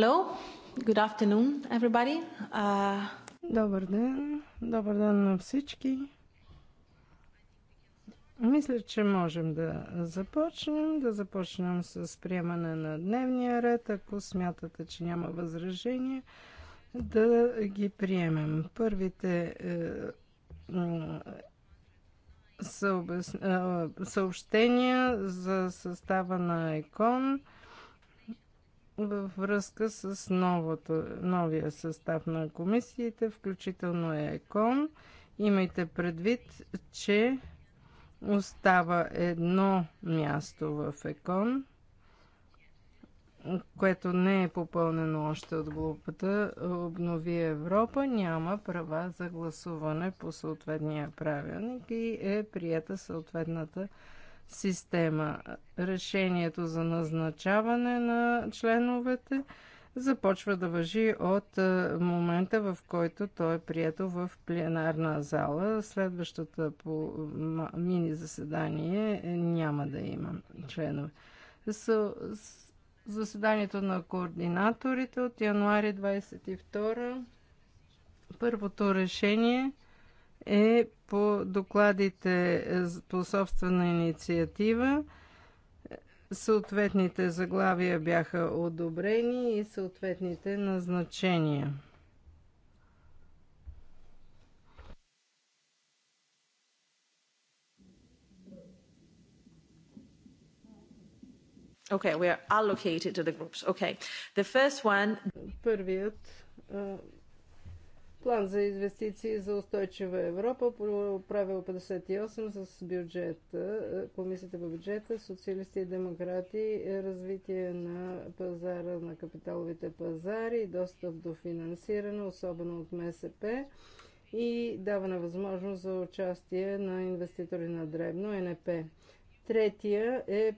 Hello, good afternoon, everybody. Uh... Добър ден, добър ден на всички. Мисля, че можем да започнем. Да започнем с приемане на дневния ред. Ако смятате, че няма възражение, да ги приемем. Първите е, е, съобщения за състава на ЕКОН – във връзка с новата, новия състав на комисиите, включително е ЕКОН. Имайте предвид, че остава едно място в ЕКОН, което не е попълнено още от глупата Обнови Европа, няма права за гласуване по съответния правилник и е прията съответната система. Решението за назначаване на членовете започва да въжи от е, момента, в който то е прието в пленарна зала. Следващата по мини заседание е, няма да има членове. заседанието на координаторите от януари 22 първото решение – е по докладите по собствена инициатива. Съответните заглавия бяха одобрени и съответните назначения. Okay, we are allocated to the groups. Okay. The first one... Първият План за инвестиции за устойчива Европа, правило 58 с бюджета, комисията по бюджета, социалисти и демократи, развитие на пазара на капиталовите пазари, достъп до финансиране, особено от МСП и даване възможност за участие на инвеститори на дребно, НП. Третия е, е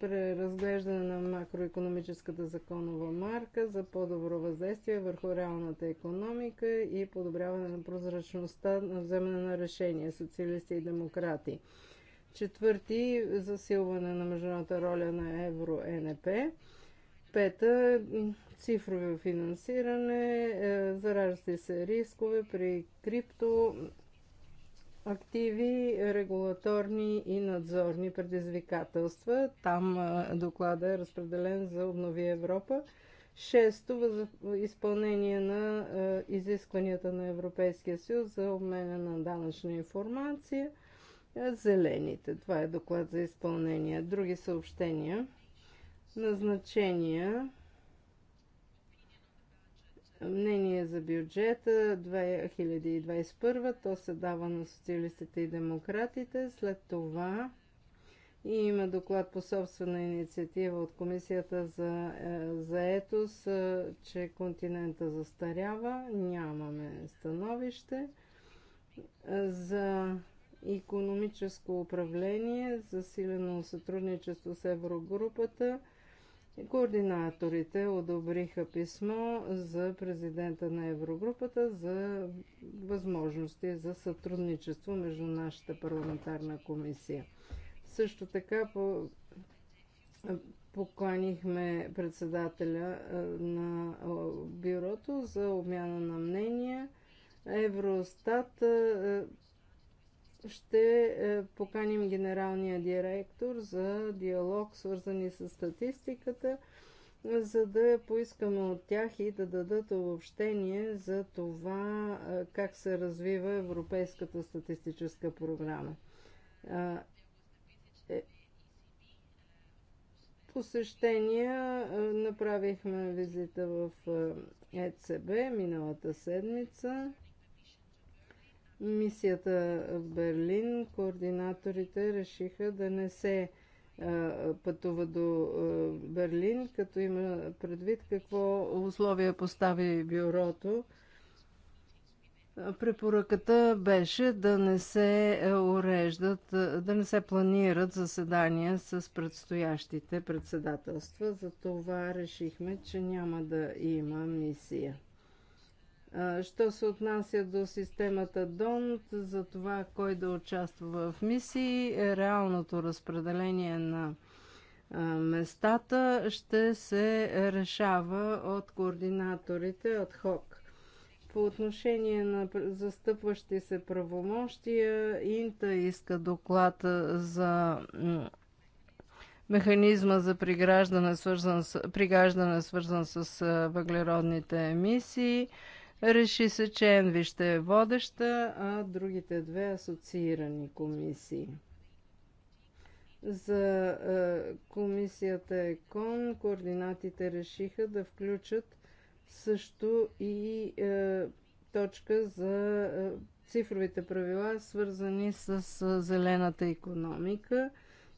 преразглеждане на макроекономическата законова марка за по-добро въздействие върху реалната економика и подобряване на прозрачността на вземане на решения социалисти и демократи. Четвърти – засилване на международната роля на Евро-НП. Пета – цифрово финансиране, е, заражда се рискове при крипто активи, регулаторни и надзорни предизвикателства. Там доклада е разпределен за Обнови Европа. Шесто, изпълнение на изискванията на Европейския съюз за обмена на данъчна информация. Зелените. Това е доклад за изпълнение. Други съобщения. Назначения мнение за бюджета 2021, то се дава на социалистите и демократите. След това и има доклад по собствена инициатива от Комисията за е, заетост, е, че континента застарява. Нямаме становище. Е, за економическо управление, засилено сътрудничество с Еврогрупата – Координаторите одобриха писмо за президента на Еврогрупата за възможности за сътрудничество между нашата парламентарна комисия. Също така по... поканихме председателя на бюрото за обмяна на мнения. Евростат ще е, поканим генералния директор за диалог, свързани с статистиката, за да поискаме от тях и да дадат обобщение за това е, как се развива Европейската статистическа програма. Е, посещения направихме визита в ЕЦБ миналата седмица Мисията в Берлин, координаторите решиха да не се пътува до Берлин, като има предвид какво условие постави бюрото. Препоръката беше да не се уреждат, да не се планират заседания с предстоящите председателства. Затова решихме, че няма да има мисия. Що се отнася до системата ДОНТ, за това кой да участва в мисии, е реалното разпределение на местата ще се решава от координаторите от ХОК. По отношение на застъпващи се правомощия, Инта иска доклад за механизма за приграждане, свързан с, пригаждане, свързан с въглеродните емисии. Реши се, че Енви ще е водеща, а другите две асоциирани комисии. За е, комисията ЕКОН координатите решиха да включат също и е, точка за е, цифровите правила, свързани с зелената економика.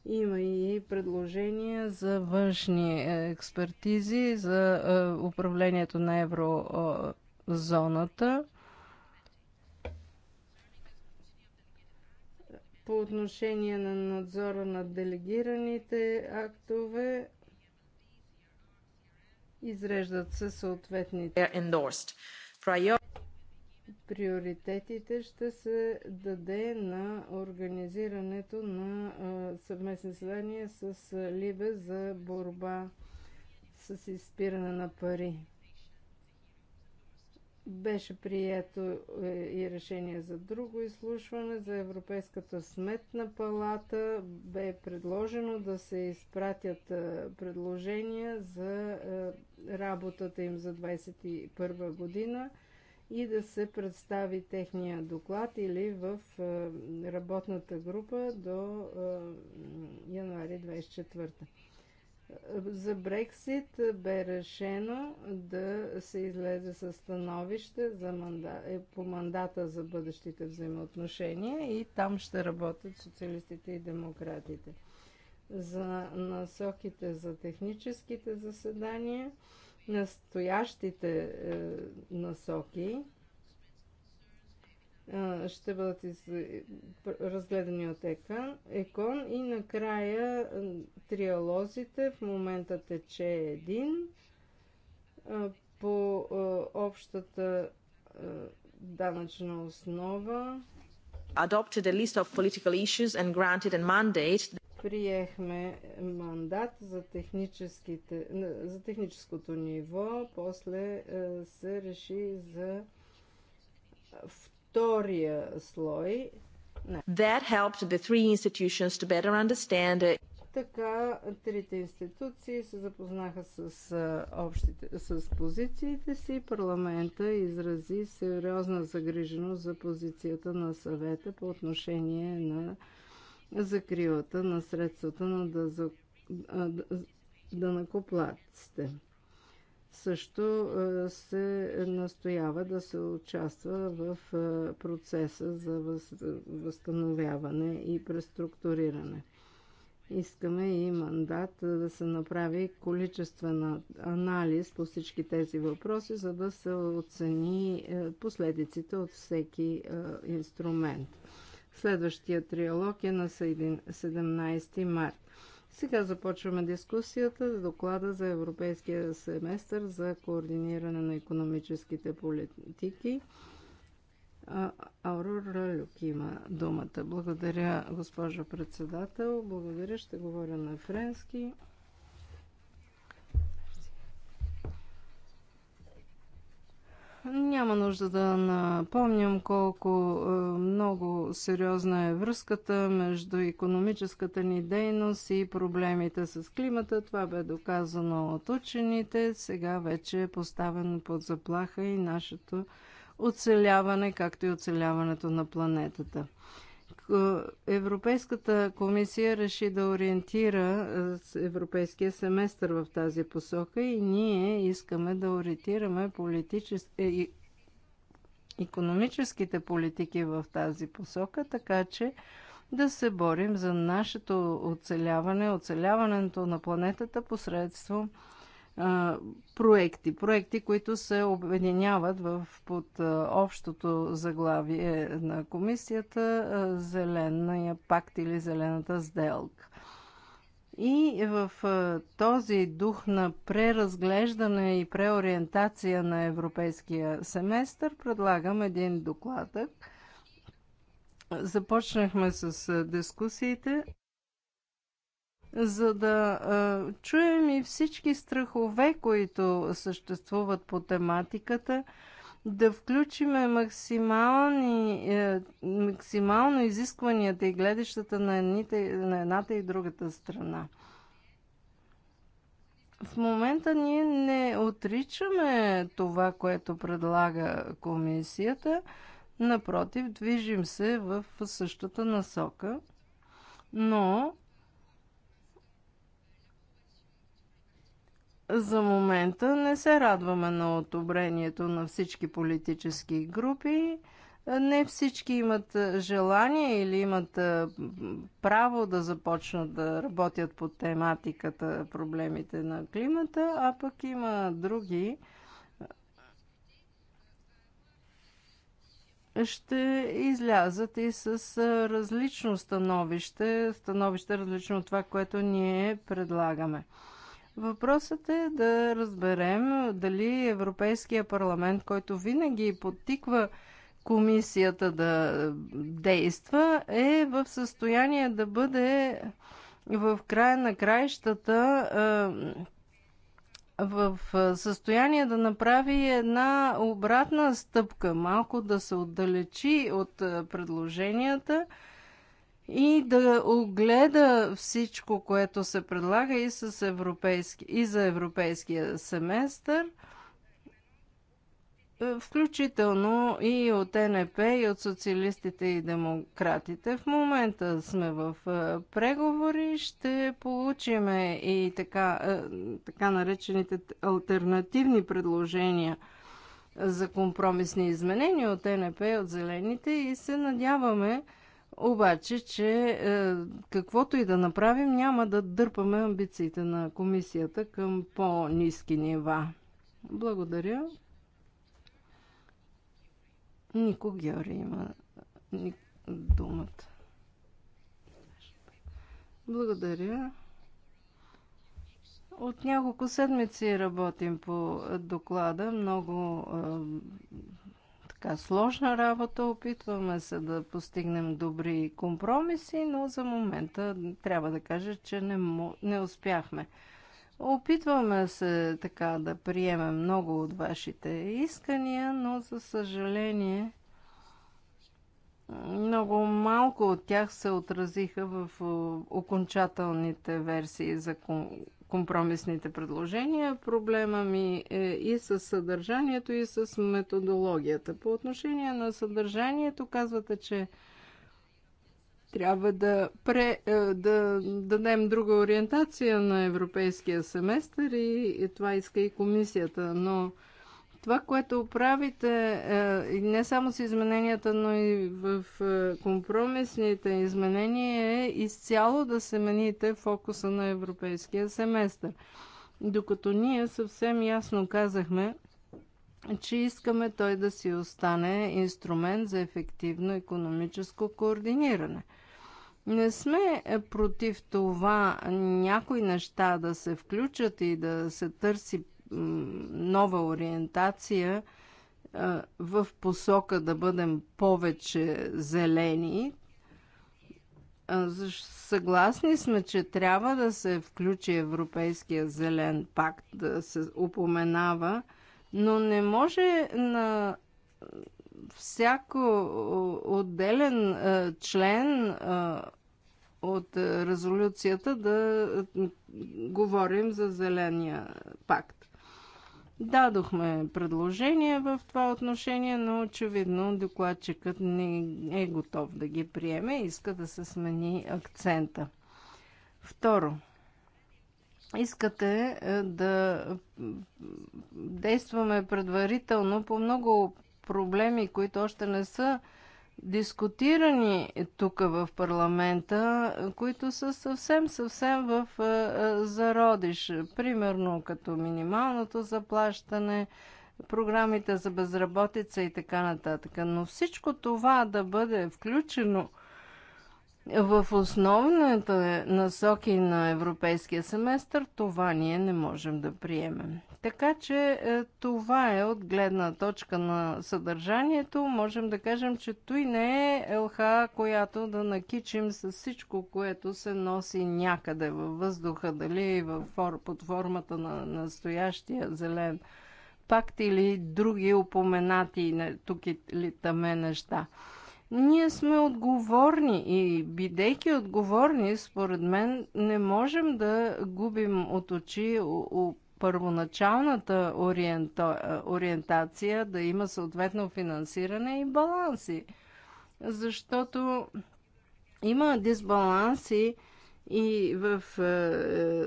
Има и предложения за външни е, експертизи за управлението на евро зоната. По отношение на надзора на делегираните актове, изреждат се съответните приоритетите ще се даде на организирането на съвместни заседания с Либе за борба с изпиране на пари. Беше прието е, и решение за друго изслушване за Европейската сметна палата. Бе предложено да се изпратят е, предложения за е, работата им за 2021 година и да се представи техния доклад или в работната група до януари 24. За Брексит бе решено да се излезе с становище за манда... Е, по мандата за бъдещите взаимоотношения и там ще работят социалистите и демократите. За насоките за техническите заседания, настоящите е, насоки ще бъдат из... разгледани от ЕКАН, ЕКОН и накрая триалозите. В момента тече един по общата данъчна основа. Adopted a list of political issues and granted a mandate приехме мандат за, за техническото ниво, после се реши за втория слой. That helped the three institutions to better understand it. Така трите институции се запознаха с, общите, с позициите си. Парламента изрази сериозна загриженост за позицията на съвета по отношение на закрилата на средствата на дъзо, данакоплатците също се настоява да се участва в процеса за възстановяване и преструктуриране. Искаме и мандат да се направи количествен анализ по всички тези въпроси, за да се оцени последиците от всеки инструмент. Следващия триалог е на 17 март. Сега започваме дискусията за доклада за Европейския семестър за координиране на економическите политики. Аурора Люк има думата. Благодаря, госпожо председател. Благодаря, ще говоря на френски. Няма нужда да напомням колко е, много сериозна е връзката между економическата ни дейност и проблемите с климата. Това бе доказано от учените. Сега вече е поставено под заплаха и нашето оцеляване, както и оцеляването на планетата. Европейската комисия реши да ориентира европейския семестър в тази посока и ние искаме да ориентираме политичес... е... економическите политики в тази посока, така че да се борим за нашето оцеляване, оцеляването на планетата посредством проекти. Проекти, които се обединяват в, под общото заглавие на комисията Зеления пакт или Зелената сделка. И в този дух на преразглеждане и преориентация на европейския семестър предлагам един докладък. Започнахме с дискусиите за да а, чуем и всички страхове, които съществуват по тематиката, да включиме максимални, е, максимално изискванията и гледащата на, едните, на едната и другата страна. В момента ние не отричаме това, което предлага комисията. Напротив, движим се в същата насока, но За момента не се радваме на одобрението на всички политически групи. Не всички имат желание или имат право да започнат да работят по тематиката проблемите на климата, а пък има други. Ще излязат и с различно становище, становище различно от това, което ние предлагаме. Въпросът е да разберем дали Европейския парламент, който винаги подтиква комисията да действа, е в състояние да бъде в края на краищата е, в състояние да направи една обратна стъпка, малко да се отдалечи от е, предложенията – и да огледа всичко, което се предлага и, с европейски, и за европейския семестър, е, включително и от НП, и от социалистите и демократите. В момента сме в е, преговори, ще получиме и така, е, така наречените альтернативни предложения за компромисни изменения от НП, от Зелените и се надяваме, обаче, че е, каквото и да направим, няма да дърпаме амбициите на комисията към по-низки нива. Благодаря. Нико Георги има думата. Благодаря. От няколко седмици работим по доклада. Много е, така сложна работа. Опитваме се да постигнем добри компромиси, но за момента трябва да кажа, че не, не успяхме. Опитваме се така да приемем много от вашите искания, но за съжаление много малко от тях се отразиха в окончателните версии за компромисните предложения. Проблема ми е и с съдържанието, и с методологията. По отношение на съдържанието, казвате, че трябва да, пре, е, да дадем друга ориентация на европейския семестър и, и това иска и комисията, но това, което правите, е, не само с измененията, но и в е, компромисните изменения, е изцяло да се мените фокуса на европейския семестър. Докато ние съвсем ясно казахме, че искаме той да си остане инструмент за ефективно економическо координиране. Не сме е, против това някои неща да се включат и да се търси нова ориентация в посока да бъдем повече зелени. Съгласни сме, че трябва да се включи Европейския зелен пакт, да се упоменава, но не може на всяко отделен член от резолюцията да говорим за зеления пакт. Дадохме предложения в това отношение, но очевидно докладчикът не е готов да ги приеме и иска да се смени акцента. Второ, искате е, да действаме предварително по много проблеми, които още не са дискутирани тук в парламента, които са съвсем-съвсем в е, е, зародиш. Примерно като минималното заплащане, програмите за безработица и така нататък. Но всичко това да бъде включено – в основната насоки на европейския семестър това ние не можем да приемем. Така че е, това е от гледна точка на съдържанието. Можем да кажем, че той не е ЛХ, която да накичим с всичко, което се носи някъде във въздуха, дали във, под формата на настоящия зелен пакт или други упоменати тук или таме неща. Ние сме отговорни и бидейки отговорни, според мен, не можем да губим от очи първоначалната ориенто- ориентация, да има съответно финансиране и баланси. Защото има дисбаланси и в е,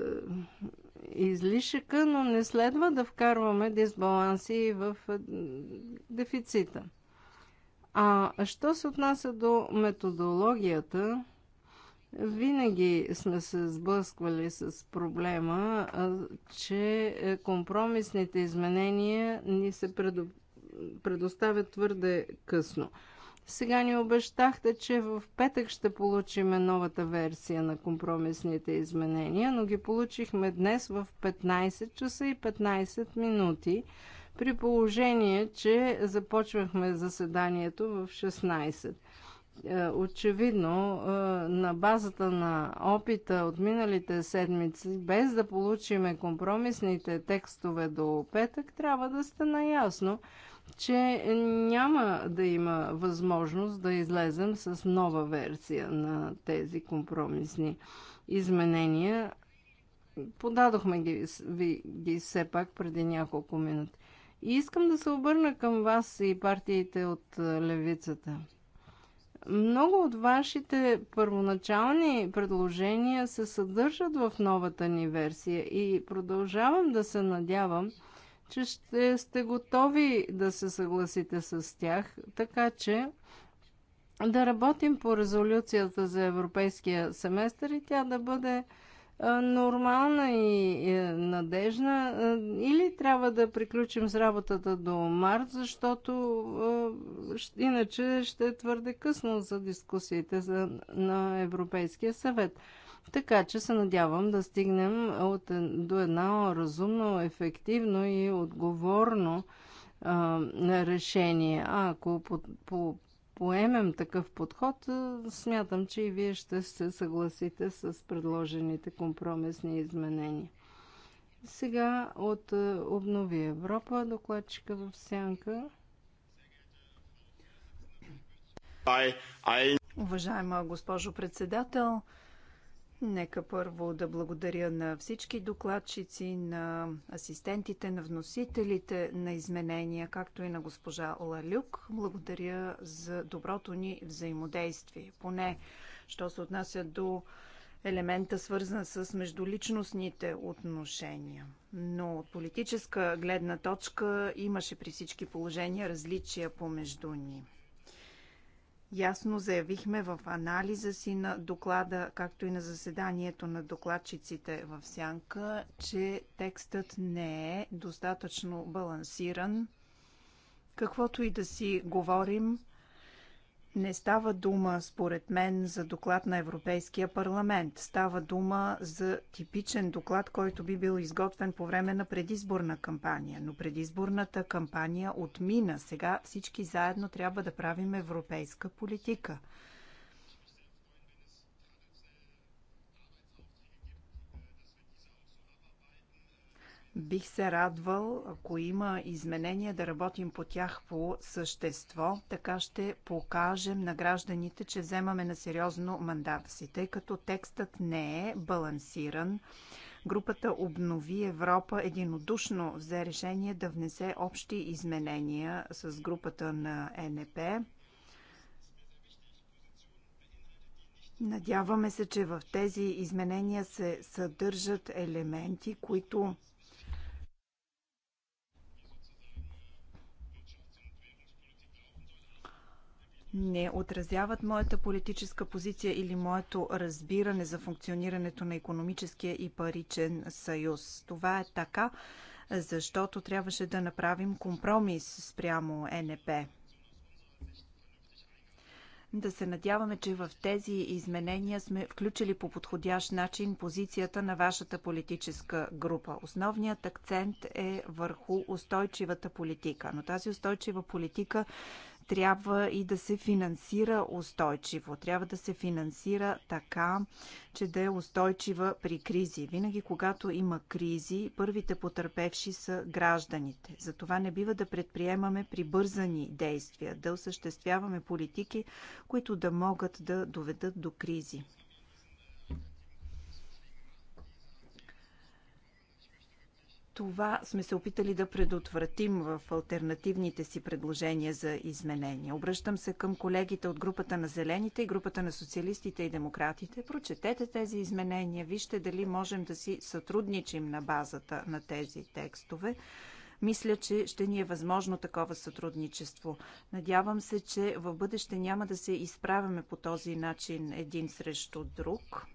излишъка, но не следва да вкарваме дисбаланси и в е, дефицита. А що се отнася до методологията, винаги сме се сблъсквали с проблема, че е, компромисните изменения ни се предо... предоставят твърде късно. Сега ни обещахте, че в петък ще получиме новата версия на компромисните изменения, но ги получихме днес в 15 часа и 15 минути при положение, че започвахме заседанието в 16. Е, очевидно, е, на базата на опита от миналите седмици, без да получиме компромисните текстове до петък, трябва да сте наясно, че няма да има възможност да излезем с нова версия на тези компромисни изменения. Подадохме ги, ви, ги все пак преди няколко минути. И искам да се обърна към вас и партиите от левицата. Много от вашите първоначални предложения се съдържат в новата ни версия и продължавам да се надявам, че ще сте готови да се съгласите с тях, така че да работим по резолюцията за европейския семестър и тя да бъде нормална и надежна. Или трябва да приключим с работата до март, защото иначе ще е твърде късно за дискусиите на Европейския съвет. Така че се надявам да стигнем от, до едно разумно, ефективно и отговорно а, решение. А ако по, по поемем такъв подход, смятам, че и вие ще се съгласите с предложените компромисни изменения. Сега от Обнови Европа, докладчика в Сянка. Уважаема госпожо председател, Нека първо да благодаря на всички докладчици, на асистентите, на вносителите на изменения, както и на госпожа Лалюк. Благодаря за доброто ни взаимодействие. Поне, що се отнася до елемента, свързан с междуличностните отношения. Но от политическа гледна точка имаше при всички положения различия помежду ни. Ясно заявихме в анализа си на доклада, както и на заседанието на докладчиците в Сянка, че текстът не е достатъчно балансиран. Каквото и да си говорим, не става дума, според мен, за доклад на Европейския парламент. Става дума за типичен доклад, който би бил изготвен по време на предизборна кампания. Но предизборната кампания отмина. Сега всички заедно трябва да правим европейска политика. Бих се радвал, ако има изменения, да работим по тях по същество. Така ще покажем на гражданите, че вземаме на сериозно мандата си, тъй като текстът не е балансиран. Групата Обнови Европа единодушно взе решение да внесе общи изменения с групата на НП. Надяваме се, че в тези изменения се съдържат елементи, които не отразяват моята политическа позиция или моето разбиране за функционирането на економическия и паричен съюз. Това е така, защото трябваше да направим компромис спрямо НП. Да се надяваме, че в тези изменения сме включили по подходящ начин позицията на вашата политическа група. Основният акцент е върху устойчивата политика, но тази устойчива политика трябва и да се финансира устойчиво. Трябва да се финансира така, че да е устойчива при кризи. Винаги, когато има кризи, първите потърпевши са гражданите. Затова не бива да предприемаме прибързани действия, да осъществяваме политики, които да могат да доведат до кризи. Това сме се опитали да предотвратим в альтернативните си предложения за изменения. Обръщам се към колегите от групата на Зелените и групата на Социалистите и Демократите. Прочетете тези изменения, вижте дали можем да си сътрудничим на базата на тези текстове. Мисля, че ще ни е възможно такова сътрудничество. Надявам се, че в бъдеще няма да се изправяме по този начин един срещу друг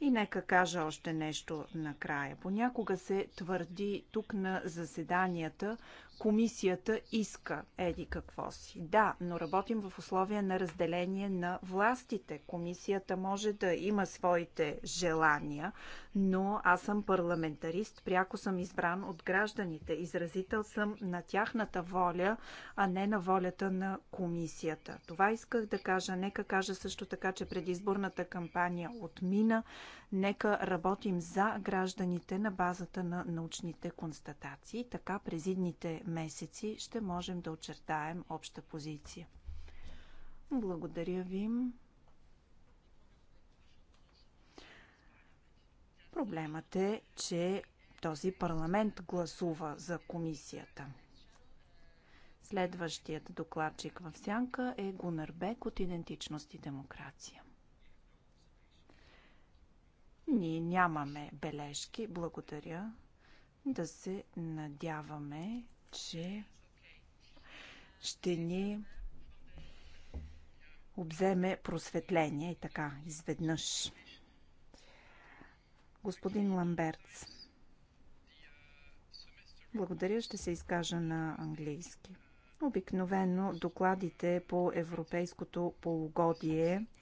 и нека кажа още нещо накрая. Понякога се твърди тук на заседанията, комисията иска еди какво си. Да, но работим в условия на разделение на властите. Комисията може да има своите желания, но аз съм парламентарист, пряко съм избран от гражданите. Изразител съм на тяхната воля, а не на волята на комисията. Това исках да кажа. Нека кажа също така, че предизборната кампания отмина. Нека работим за гражданите на базата на научните констатации. Така през идните месеци ще можем да очертаем обща позиция. Благодаря ви. Проблемът е, че този парламент гласува за комисията. Следващият докладчик в сянка е Гунър Бек от Идентичност и демокрация. Ние нямаме бележки, благодаря. Да се надяваме, че ще ни обземе просветление и така, изведнъж. Господин Ламберц. Благодаря, ще се изкажа на английски. Обикновено докладите по европейското полугодие –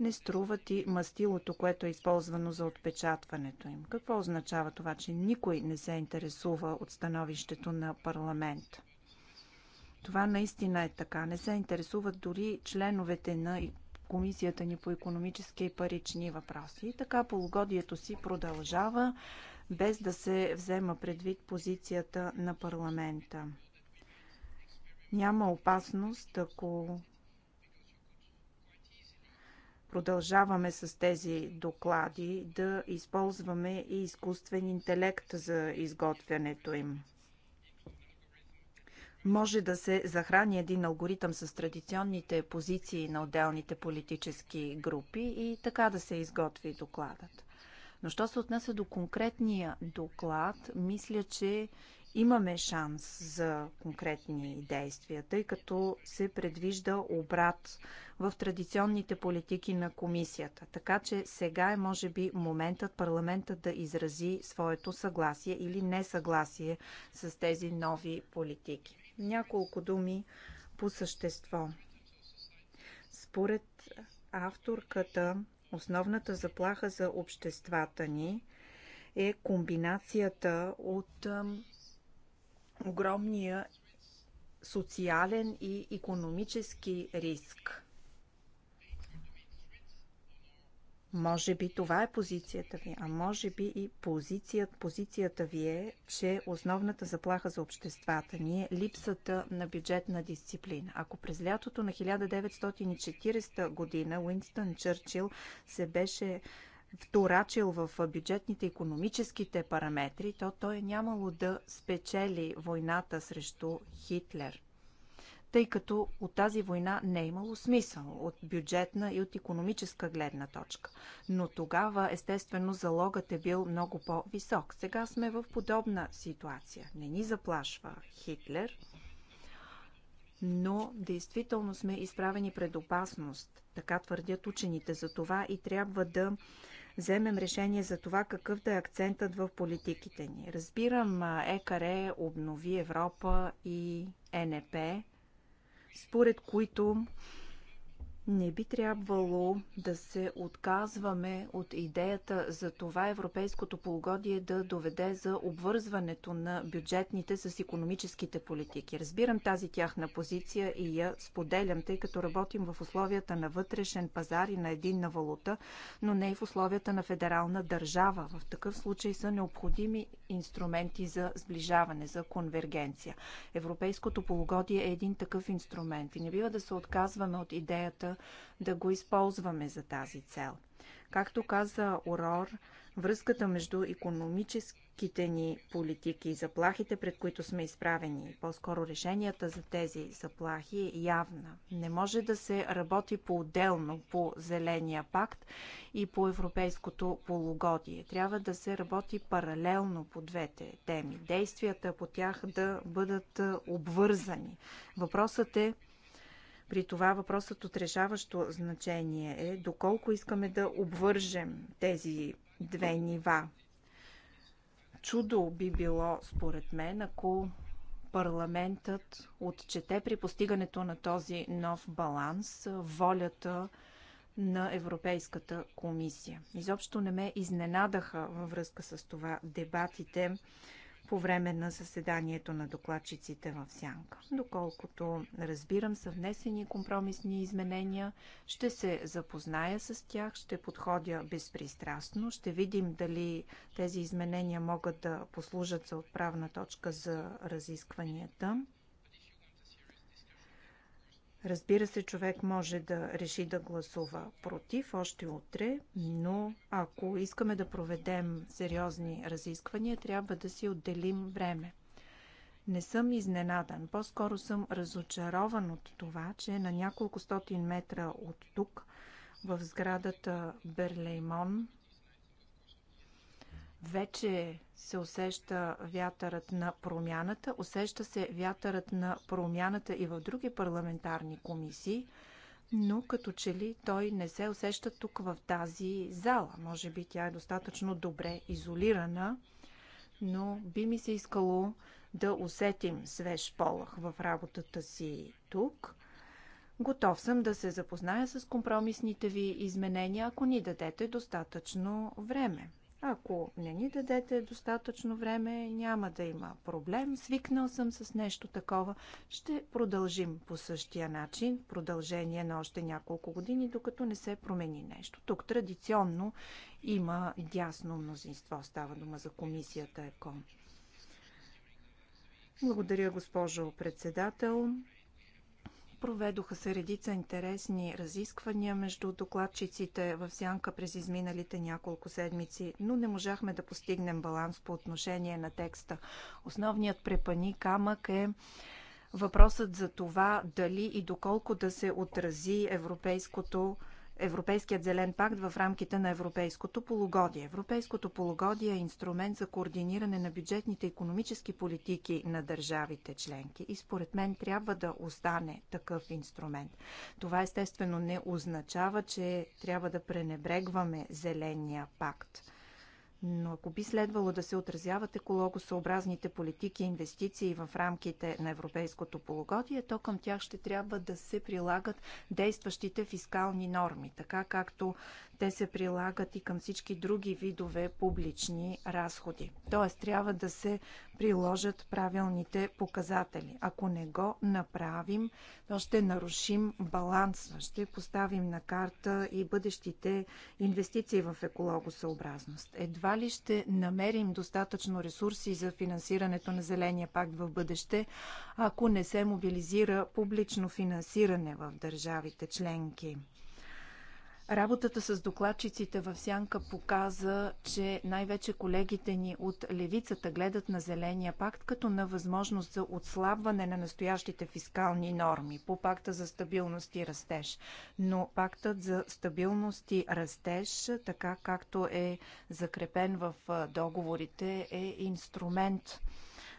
не струват и мастилото, което е използвано за отпечатването им. Какво означава това, че никой не се интересува от становището на парламент? Това наистина е така. Не се интересуват дори членовете на комисията ни по економически и парични въпроси. И така полугодието си продължава без да се взема предвид позицията на парламента. Няма опасност, ако продължаваме с тези доклади да използваме и изкуствен интелект за изготвянето им. Може да се захрани един алгоритъм с традиционните позиции на отделните политически групи и така да се изготви докладът. Но що се отнася до конкретния доклад, мисля, че имаме шанс за конкретни действия, тъй като се предвижда обрат в традиционните политики на комисията. Така че сега е, може би, моментът парламентът да изрази своето съгласие или несъгласие с тези нови политики. Няколко думи по същество. Според авторката, основната заплаха за обществата ни е комбинацията от огромния социален и економически риск. Може би това е позицията ви, а може би и позицият, позицията ви е, че основната заплаха за обществата ни е липсата на бюджетна дисциплина. Ако през лятото на 1940 година Уинстън Чърчил се беше вторачил в бюджетните економическите параметри, то той е нямало да спечели войната срещу Хитлер. Тъй като от тази война не е имало смисъл от бюджетна и от економическа гледна точка. Но тогава, естествено, залогът е бил много по-висок. Сега сме в подобна ситуация. Не ни заплашва Хитлер, но действително сме изправени пред опасност. Така твърдят учените за това и трябва да вземем решение за това какъв да е акцентът в политиките ни. Разбирам ЕКАРЕ, Обнови Европа и НП, според които не би трябвало да се отказваме от идеята за това европейското полугодие да доведе за обвързването на бюджетните с економическите политики. Разбирам тази тяхна позиция и я споделям, тъй като работим в условията на вътрешен пазар и на единна валута, но не и в условията на федерална държава. В такъв случай са необходими инструменти за сближаване, за конвергенция. Европейското полугодие е един такъв инструмент и не бива да се отказваме от идеята да го използваме за тази цел. Както каза Орор, Връзката между економическите ни политики и заплахите, пред които сме изправени, по-скоро решенията за тези заплахи е явна. Не може да се работи по-отделно по Зеления пакт и по Европейското полугодие. Трябва да се работи паралелно по двете теми. Действията по тях да бъдат обвързани. Въпросът е при това въпросът от решаващо значение е доколко искаме да обвържем тези две нива. Чудо би било, според мен, ако парламентът отчете при постигането на този нов баланс волята на Европейската комисия. Изобщо не ме изненадаха във връзка с това дебатите по време на заседанието на докладчиците в Сянка. Доколкото разбирам, са внесени компромисни изменения. Ще се запозная с тях, ще подходя безпристрастно. Ще видим дали тези изменения могат да послужат за отправна точка за разискванията. Разбира се, човек може да реши да гласува против още утре, но ако искаме да проведем сериозни разисквания, трябва да си отделим време. Не съм изненадан, по-скоро съм разочарован от това, че на няколко стотин метра от тук, в сградата Берлеймон, вече се усеща вятърът на промяната. Усеща се вятърът на промяната и в други парламентарни комисии, но като че ли той не се усеща тук в тази зала. Може би тя е достатъчно добре изолирана, но би ми се искало да усетим свеж полах в работата си тук. Готов съм да се запозная с компромисните ви изменения, ако ни дадете достатъчно време. Ако не ни дадете достатъчно време, няма да има проблем. Свикнал съм с нещо такова. Ще продължим по същия начин, продължение на още няколко години, докато не се промени нещо. Тук традиционно има дясно мнозинство. Става дума за комисията ЕКОН. Благодаря, госпожо председател. Проведоха се редица интересни разисквания между докладчиците в сянка през изминалите няколко седмици, но не можахме да постигнем баланс по отношение на текста. Основният препани камък е въпросът за това дали и доколко да се отрази европейското Европейският зелен пакт в рамките на Европейското полугодие. Европейското полугодие е инструмент за координиране на бюджетните и економически политики на държавите членки и според мен трябва да остане такъв инструмент. Това естествено не означава, че трябва да пренебрегваме зеления пакт. Но ако би следвало да се отразяват екологосъобразните политики и инвестиции в рамките на европейското полугодие, то към тях ще трябва да се прилагат действащите фискални норми, така както те се прилагат и към всички други видове публични разходи. Тоест трябва да се приложат правилните показатели. Ако не го направим, то ще нарушим баланса, ще поставим на карта и бъдещите инвестиции в екологосъобразност. Едва ли ще намерим достатъчно ресурси за финансирането на Зеления пакт в бъдеще, ако не се мобилизира публично финансиране в държавите членки. Работата с докладчиците в Сянка показа, че най-вече колегите ни от левицата гледат на Зеления пакт като на възможност за отслабване на настоящите фискални норми по пакта за стабилност и растеж. Но пактът за стабилност и растеж, така както е закрепен в договорите, е инструмент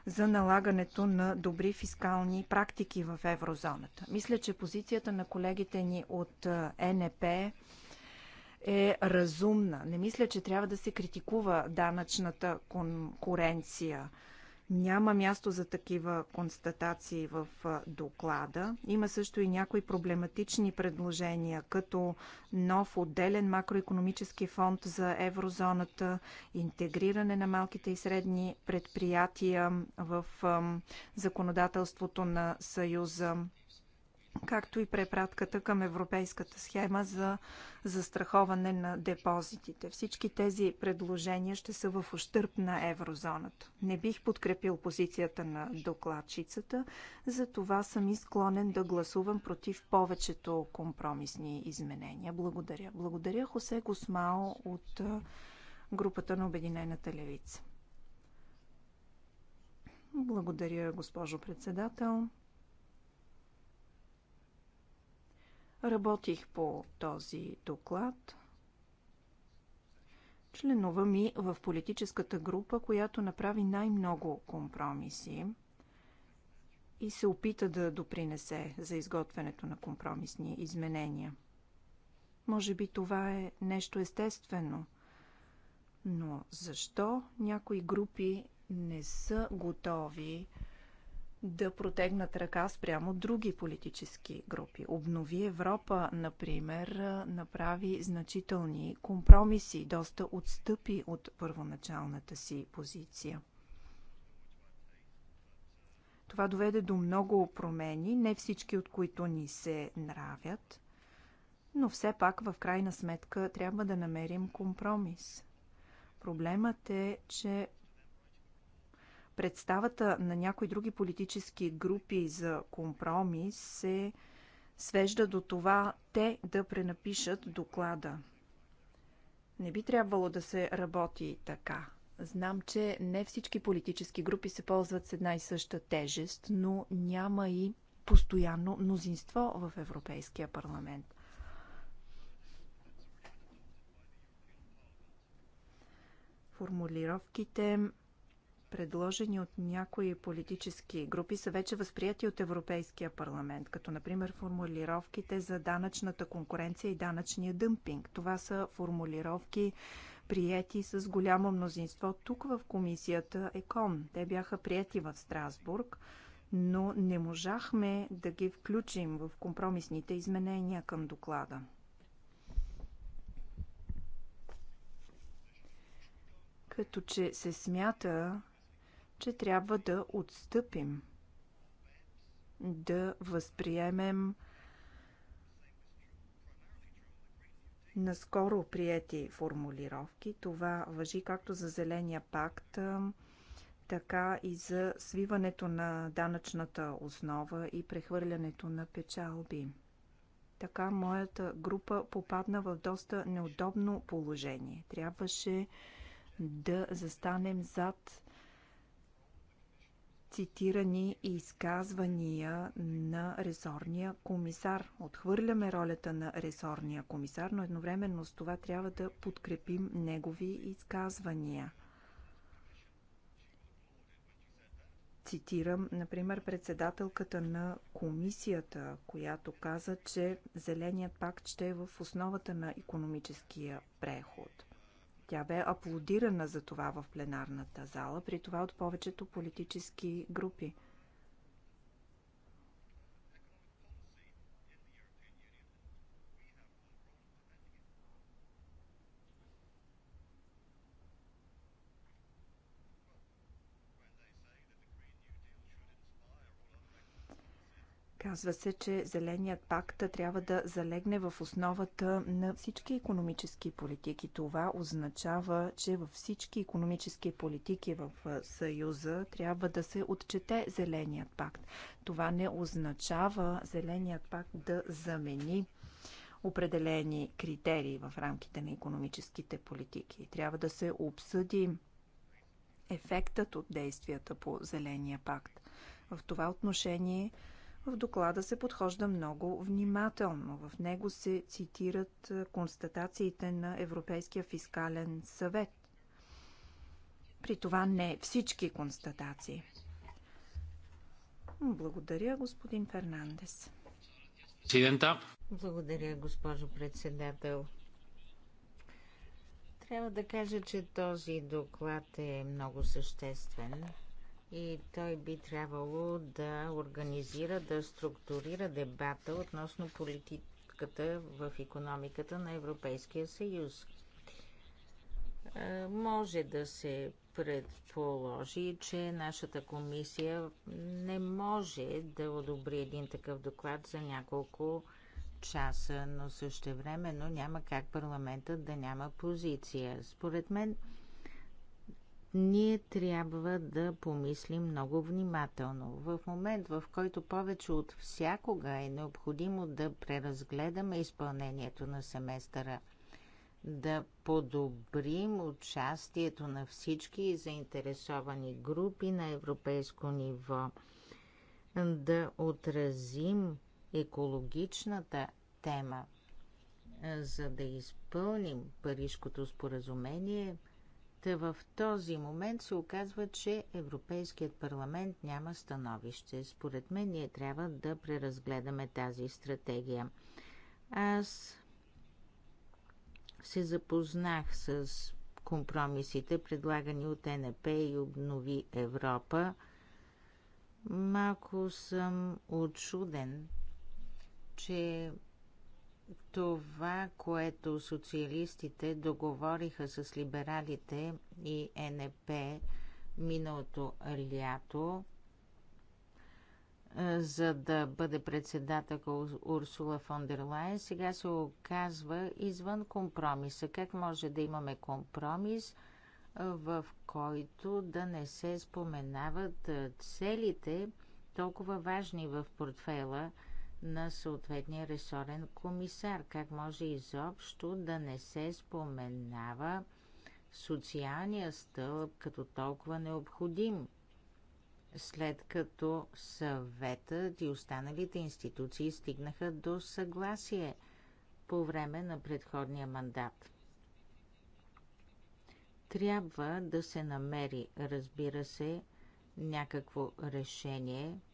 за налагането на добри фискални практики в еврозоната. Мисля, че позицията на колегите ни от НП е разумна. Не мисля, че трябва да се критикува данъчната конкуренция. Няма място за такива констатации в доклада. Има също и някои проблематични предложения, като нов отделен макроекономически фонд за еврозоната, интегриране на малките и средни предприятия в законодателството на Съюза, както и препратката към европейската схема за застраховане на депозитите. Всички тези предложения ще са в ущърп на еврозоната. Не бих подкрепил позицията на докладчицата, За това съм изклонен да гласувам против повечето компромисни изменения. Благодаря. Благодаря Хосе Госмао от групата на Обединената левица. Благодаря, госпожо председател. Работих по този доклад. Членува ми в политическата група, която направи най-много компромиси и се опита да допринесе за изготвянето на компромисни изменения. Може би това е нещо естествено, но защо някои групи не са готови? да протегнат ръка спрямо други политически групи. Обнови Европа, например, направи значителни компромиси, доста отстъпи от първоначалната си позиция. Това доведе до много промени, не всички от които ни се нравят, но все пак в крайна сметка трябва да намерим компромис. Проблемът е, че Представата на някои други политически групи за компромис се свежда до това те да пренапишат доклада. Не би трябвало да се работи така. Знам, че не всички политически групи се ползват с една и съща тежест, но няма и постоянно мнозинство в Европейския парламент. Формулировките предложени от някои политически групи, са вече възприяти от Европейския парламент, като например формулировките за данъчната конкуренция и данъчния дъмпинг. Това са формулировки, прияти с голямо мнозинство тук в комисията ЕКОН. Те бяха прияти в Страсбург, но не можахме да ги включим в компромисните изменения към доклада. Като че се смята, че трябва да отстъпим, да възприемем наскоро приети формулировки. Това въжи както за Зеления пакт, така и за свиването на данъчната основа и прехвърлянето на печалби. Така моята група попадна в доста неудобно положение. Трябваше да застанем зад цитирани изказвания на ресорния комисар. Отхвърляме ролята на ресорния комисар, но едновременно с това трябва да подкрепим негови изказвания. Цитирам, например, председателката на комисията, която каза, че Зеленият пакт ще е в основата на економическия преход – тя бе аплодирана за това в пленарната зала, при това от повечето политически групи. Казва се, че Зеленият пакт трябва да залегне в основата на всички економически политики. Това означава, че във всички економически политики в Съюза трябва да се отчете Зеленият пакт. Това не означава Зеленият пакт да замени определени критерии в рамките на економическите политики. Трябва да се обсъди ефектът от действията по Зеления пакт. В това отношение в доклада се подхожда много внимателно. В него се цитират констатациите на Европейския фискален съвет. При това не всички констатации. Благодаря, господин Фернандес. Благодаря, госпожо председател. Трябва да кажа, че този доклад е много съществен и той би трябвало да организира, да структурира дебата относно политиката в економиката на Европейския съюз. Може да се предположи, че нашата комисия не може да одобри един такъв доклад за няколко часа, но също времено няма как парламентът да няма позиция. Според мен ние трябва да помислим много внимателно. В момент, в който повече от всякога е необходимо да преразгледаме изпълнението на семестъра, да подобрим участието на всички заинтересовани групи на европейско ниво, да отразим екологичната тема, за да изпълним Парижското споразумение – Та в този момент се оказва, че Европейският парламент няма становище. Според мен ние трябва да преразгледаме тази стратегия. Аз се запознах с компромисите, предлагани от НП и Обнови Европа. Малко съм отчуден, че това, което социалистите договориха с либералите и НП миналото лято, за да бъде председателка Урсула фон дер Лайн, сега се оказва извън компромиса. Как може да имаме компромис, в който да не се споменават целите, толкова важни в портфела – на съответния ресорен комисар. Как може изобщо да не се споменава социалния стълб като толкова необходим, след като съветът и останалите институции стигнаха до съгласие по време на предходния мандат. Трябва да се намери, разбира се, някакво решение –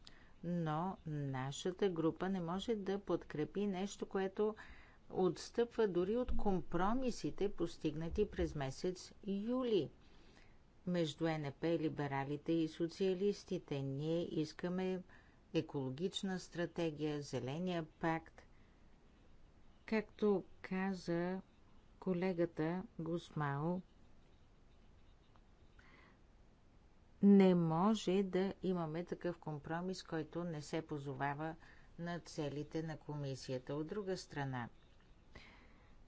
но нашата група не може да подкрепи нещо, което отстъпва дори от компромисите, постигнати през месец юли. Между НП, либералите и социалистите ние искаме екологична стратегия, зеления пакт. Както каза колегата Гусмао, не може да имаме такъв компромис, който не се позовава на целите на комисията. От друга страна,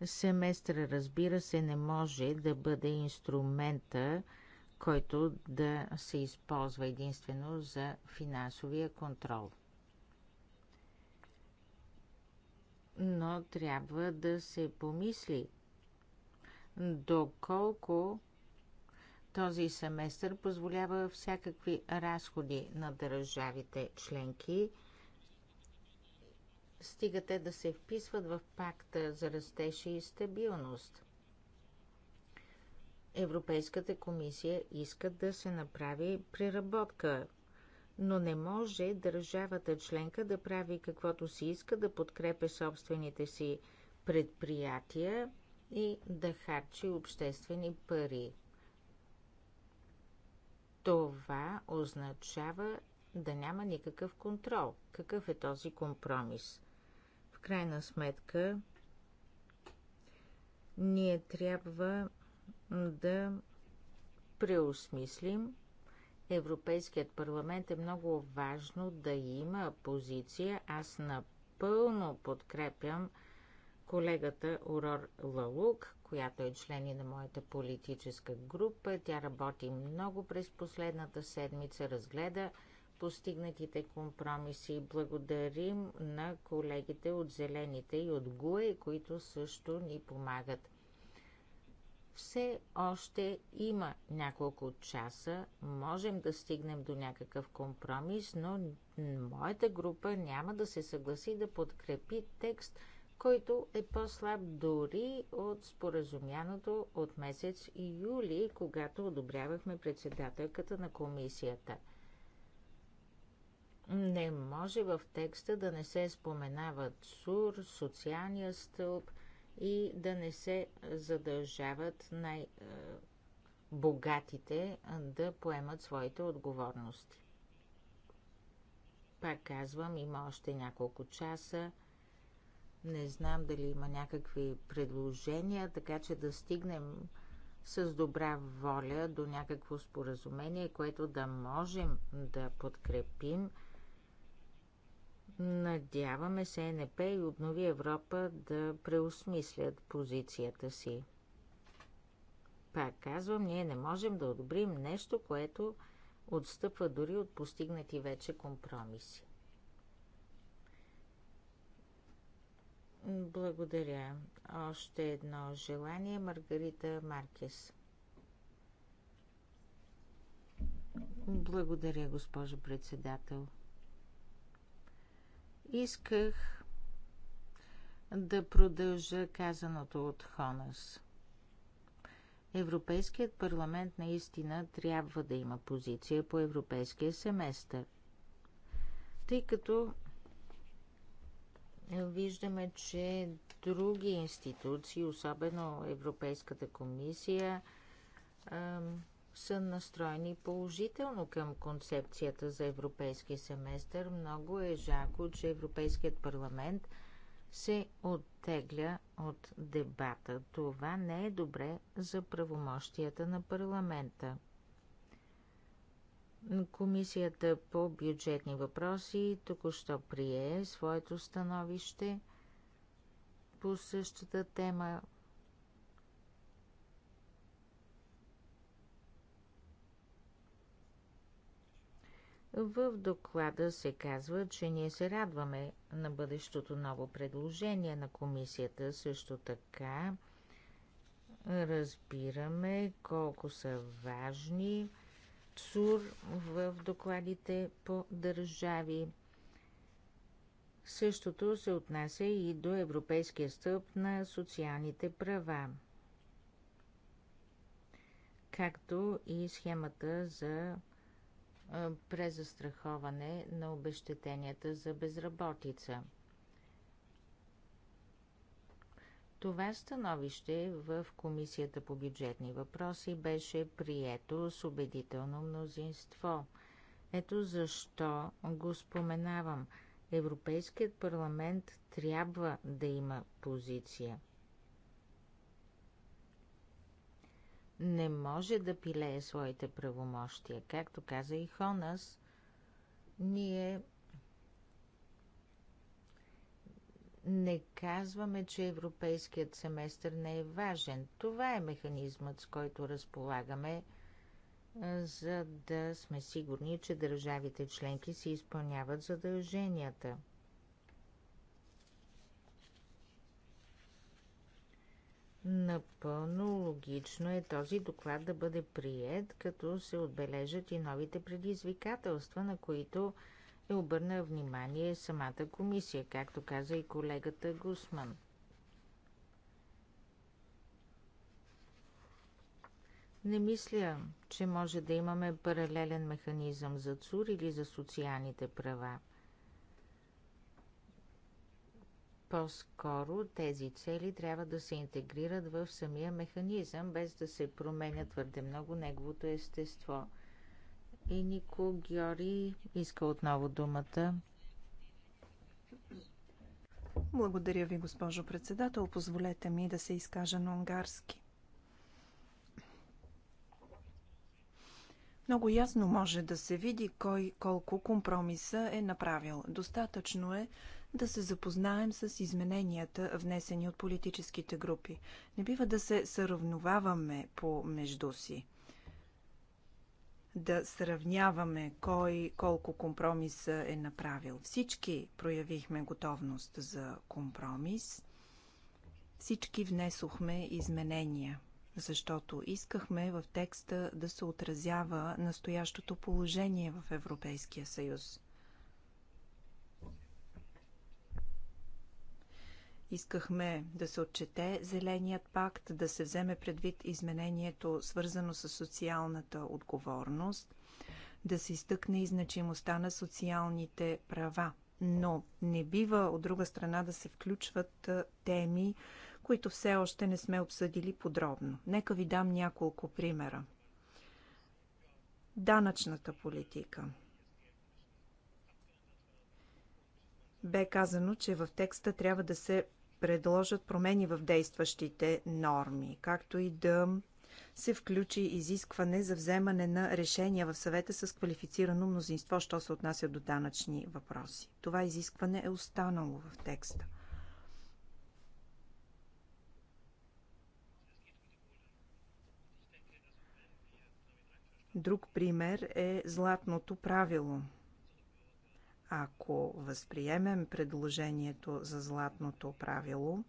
семестра, разбира се, не може да бъде инструмента, който да се използва единствено за финансовия контрол. Но трябва да се помисли доколко този семестър позволява всякакви разходи на държавите членки, стига те да се вписват в пакта за растеж и стабилност. Европейската комисия иска да се направи преработка но не може държавата членка да прави каквото си иска, да подкрепя собствените си предприятия и да харчи обществени пари това означава да няма никакъв контрол. Какъв е този компромис? В крайна сметка, ние трябва да преосмислим. Европейският парламент е много важно да има позиция. Аз напълно подкрепям колегата Урор Лалук, която е член и на моята политическа група. Тя работи много през последната седмица, разгледа постигнатите компромиси. Благодарим на колегите от Зелените и от ГУЕ, които също ни помагат. Все още има няколко часа, можем да стигнем до някакъв компромис, но моята група няма да се съгласи да подкрепи текст – който е по-слаб дори от споразумяното от месец юли, когато одобрявахме председателката на комисията. Не може в текста да не се споменават СУР, социалния стълб и да не се задължават най-богатите да поемат своите отговорности. Пак казвам, има още няколко часа – не знам дали има някакви предложения, така че да стигнем с добра воля до някакво споразумение, което да можем да подкрепим. Надяваме се НП и Обнови Европа да преосмислят позицията си. Пак казвам, ние не можем да одобрим нещо, което отстъпва дори от постигнати вече компромиси. Благодаря. Още едно желание. Маргарита Маркес. Благодаря, госпожо председател. Исках да продължа казаното от Хонас. Европейският парламент наистина трябва да има позиция по европейския семестър. Тъй като виждаме, че други институции, особено Европейската комисия, са настроени положително към концепцията за европейски семестър. Много е жако, че Европейският парламент се оттегля от дебата. Това не е добре за правомощията на парламента. Комисията по бюджетни въпроси току-що прие своето становище по същата тема. В доклада се казва, че ние се радваме на бъдещото ново предложение на комисията. Също така разбираме колко са важни Сур в докладите по държави. Същото се отнася и до Европейския стълб на социалните права, както и схемата за презастраховане на обещетенията за безработица – Това становище в Комисията по бюджетни въпроси беше прието с убедително мнозинство. Ето защо го споменавам. Европейският парламент трябва да има позиция. Не може да пилее своите правомощия. Както каза и Хонас, ние Не казваме, че европейският семестър не е важен. Това е механизмът, с който разполагаме, за да сме сигурни, че държавите членки си изпълняват задълженията. Напълно логично е този доклад да бъде прият, като се отбележат и новите предизвикателства, на които обърна внимание самата комисия, както каза и колегата Гусман. Не мисля, че може да имаме паралелен механизъм за ЦУР или за социалните права. По-скоро тези цели трябва да се интегрират в самия механизъм, без да се променя твърде много неговото естество – и Нико Георги иска отново думата. Благодаря ви, госпожо председател. Позволете ми да се изкажа на унгарски. Много ясно може да се види кой колко компромиса е направил. Достатъчно е да се запознаем с измененията, внесени от политическите групи. Не бива да се съравноваваме помежду си да сравняваме кой колко компромиса е направил. Всички проявихме готовност за компромис. Всички внесохме изменения, защото искахме в текста да се отразява настоящото положение в Европейския съюз. Искахме да се отчете Зеленият пакт, да се вземе предвид изменението, свързано с социалната отговорност, да се изтъкне и значимостта на социалните права. Но не бива, от друга страна, да се включват теми, които все още не сме обсъдили подробно. Нека ви дам няколко примера. Данъчната политика. Бе казано, че в текста трябва да се предложат промени в действащите норми, както и да се включи изискване за вземане на решения в съвета с квалифицирано мнозинство, що се отнася до данъчни въпроси. Това изискване е останало в текста. Друг пример е златното правило – ако възприемем предложението за златното правило,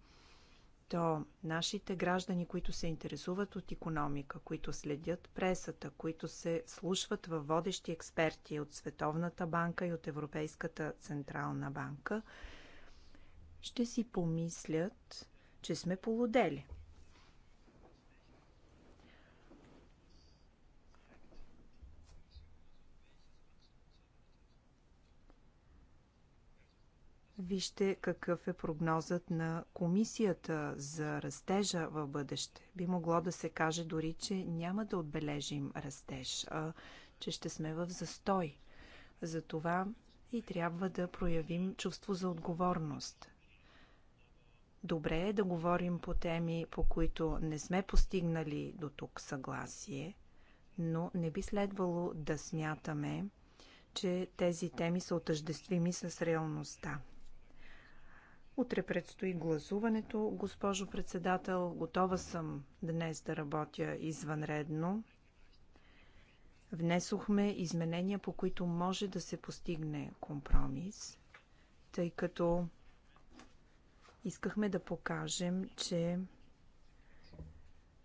то нашите граждани, които се интересуват от економика, които следят пресата, които се слушват във водещи експерти от Световната банка и от Европейската централна банка, ще си помислят, че сме полудели – Вижте какъв е прогнозът на комисията за растежа в бъдеще. Би могло да се каже дори, че няма да отбележим растеж, а че ще сме в застой. Затова и трябва да проявим чувство за отговорност. Добре е да говорим по теми, по които не сме постигнали до тук съгласие, но не би следвало да смятаме, че тези теми са отъждествими с реалността. Утре предстои гласуването. Госпожо председател, готова съм днес да работя извънредно. Внесохме изменения, по които може да се постигне компромис, тъй като искахме да покажем, че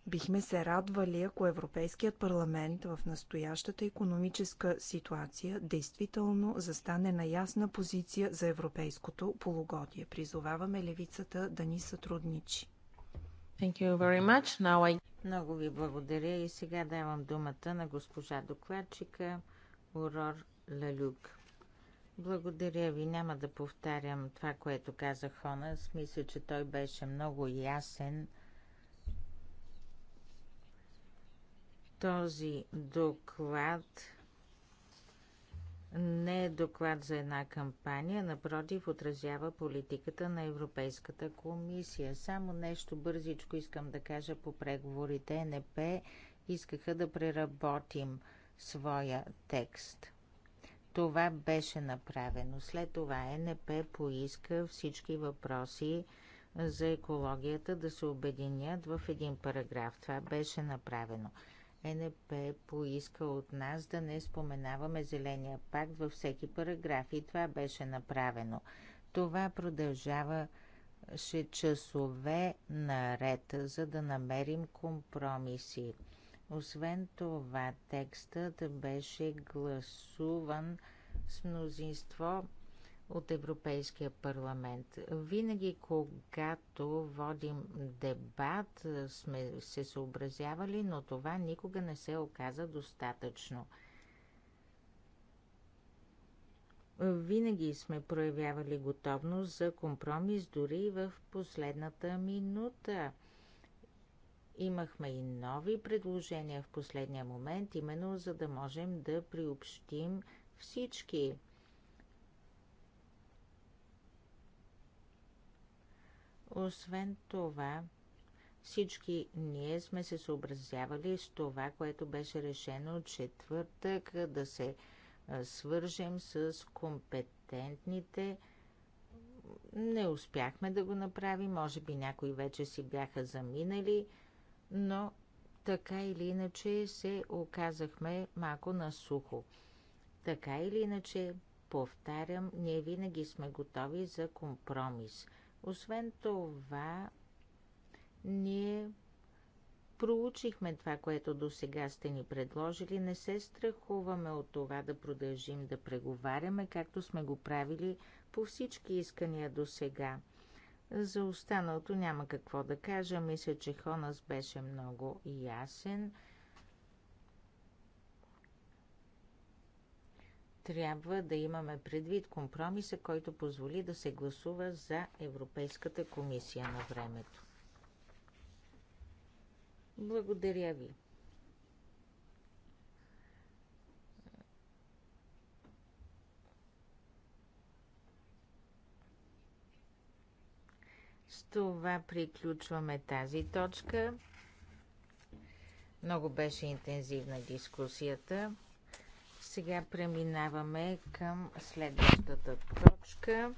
Бихме се радвали, ако Европейският парламент в настоящата економическа ситуация действително застане на ясна позиция за европейското полугодие. Призоваваме левицата да ни сътрудничи. Thank you very much. Now I... Много ви благодаря и сега давам думата на госпожа докладчика Урор Лалюк. Благодаря ви. Няма да повтарям това, което каза Хонас. Мисля, че той беше много ясен. Този доклад не е доклад за една кампания, напротив, отразява политиката на Европейската комисия. Само нещо бързичко искам да кажа по преговорите. НП искаха да преработим своя текст. Това беше направено. След това НП поиска всички въпроси за екологията да се обединят в един параграф. Това беше направено. НП поиска от нас да не споменаваме Зеления пакт във всеки параграф и това беше направено. Това продължаваше часове наред, за да намерим компромиси. Освен това, текстът беше гласуван с мнозинство от Европейския парламент. Винаги, когато водим дебат, сме се съобразявали, но това никога не се оказа достатъчно. Винаги сме проявявали готовност за компромис, дори и в последната минута. Имахме и нови предложения в последния момент, именно за да можем да приобщим всички. Освен това, всички ние сме се съобразявали с това, което беше решено от четвъртък, да се свържем с компетентните. Не успяхме да го направим, може би някои вече си бяха заминали, но така или иначе се оказахме малко на сухо. Така или иначе, повтарям, ние винаги сме готови за компромис. Освен това, ние проучихме това, което до сега сте ни предложили. Не се страхуваме от това да продължим да преговаряме, както сме го правили по всички искания до сега. За останалото няма какво да кажа. Мисля, че Хонас беше много ясен. трябва да имаме предвид компромиса, който позволи да се гласува за Европейската комисия на времето. Благодаря ви. С това приключваме тази точка. Много беше интензивна дискусията. Сега преминаваме към следващата точка.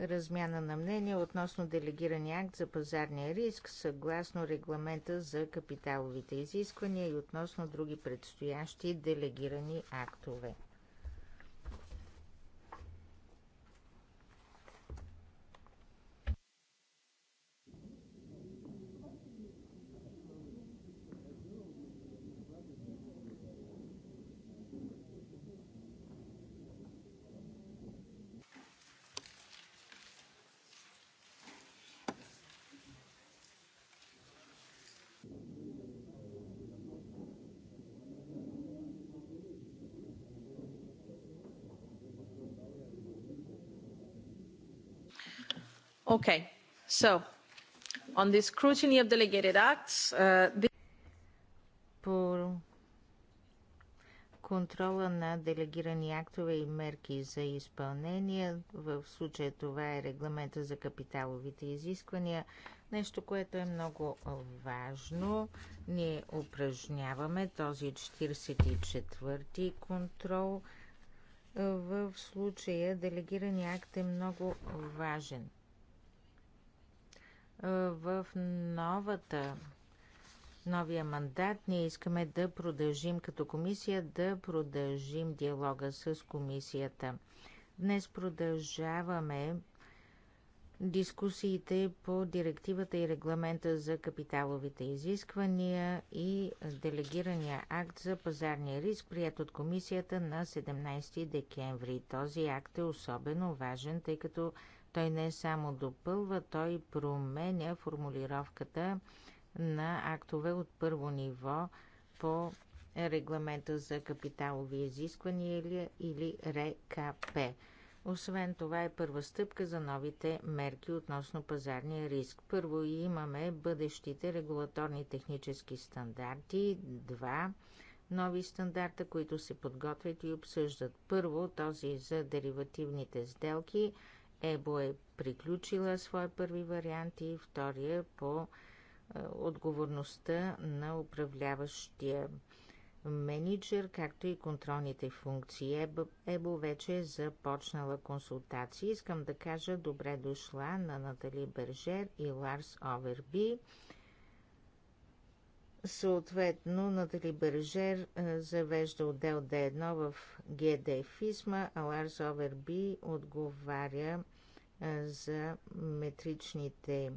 Размяна на мнение относно делегирания акт за пазарния риск съгласно регламента за капиталовите изисквания и относно други предстоящи делегирани актове. Okay, so on the scrutiny of delegated acts, uh, По контрола на делегирани актове и мерки за изпълнение, в случая това е регламента за капиталовите изисквания, нещо, което е много важно. Ние упражняваме този 44-ти контрол. В случая делегирани акт е много важен в новата новия мандат ние искаме да продължим като комисия, да продължим диалога с комисията. Днес продължаваме дискусиите по директивата и регламента за капиталовите изисквания и делегирания акт за пазарния риск, прият от комисията на 17 декември. Този акт е особено важен, тъй като той не само допълва, той променя формулировката на актове от първо ниво по регламента за капиталови изисквания или, РКП. Освен това е първа стъпка за новите мерки относно пазарния риск. Първо имаме бъдещите регулаторни технически стандарти, два нови стандарта, които се подготвят и обсъждат. Първо този за деривативните сделки – ЕБО е приключила своя първи вариант и втория е по е, отговорността на управляващия менеджер, както и контролните функции. ЕБО вече е започнала консултации. Искам да кажа добре дошла на Натали Бержер и Ларс Оверби. Съответно, Натали Бержер е, завежда отдел Д1 в ГД Фисма, а Ларс Оверби отговаря е, за метричните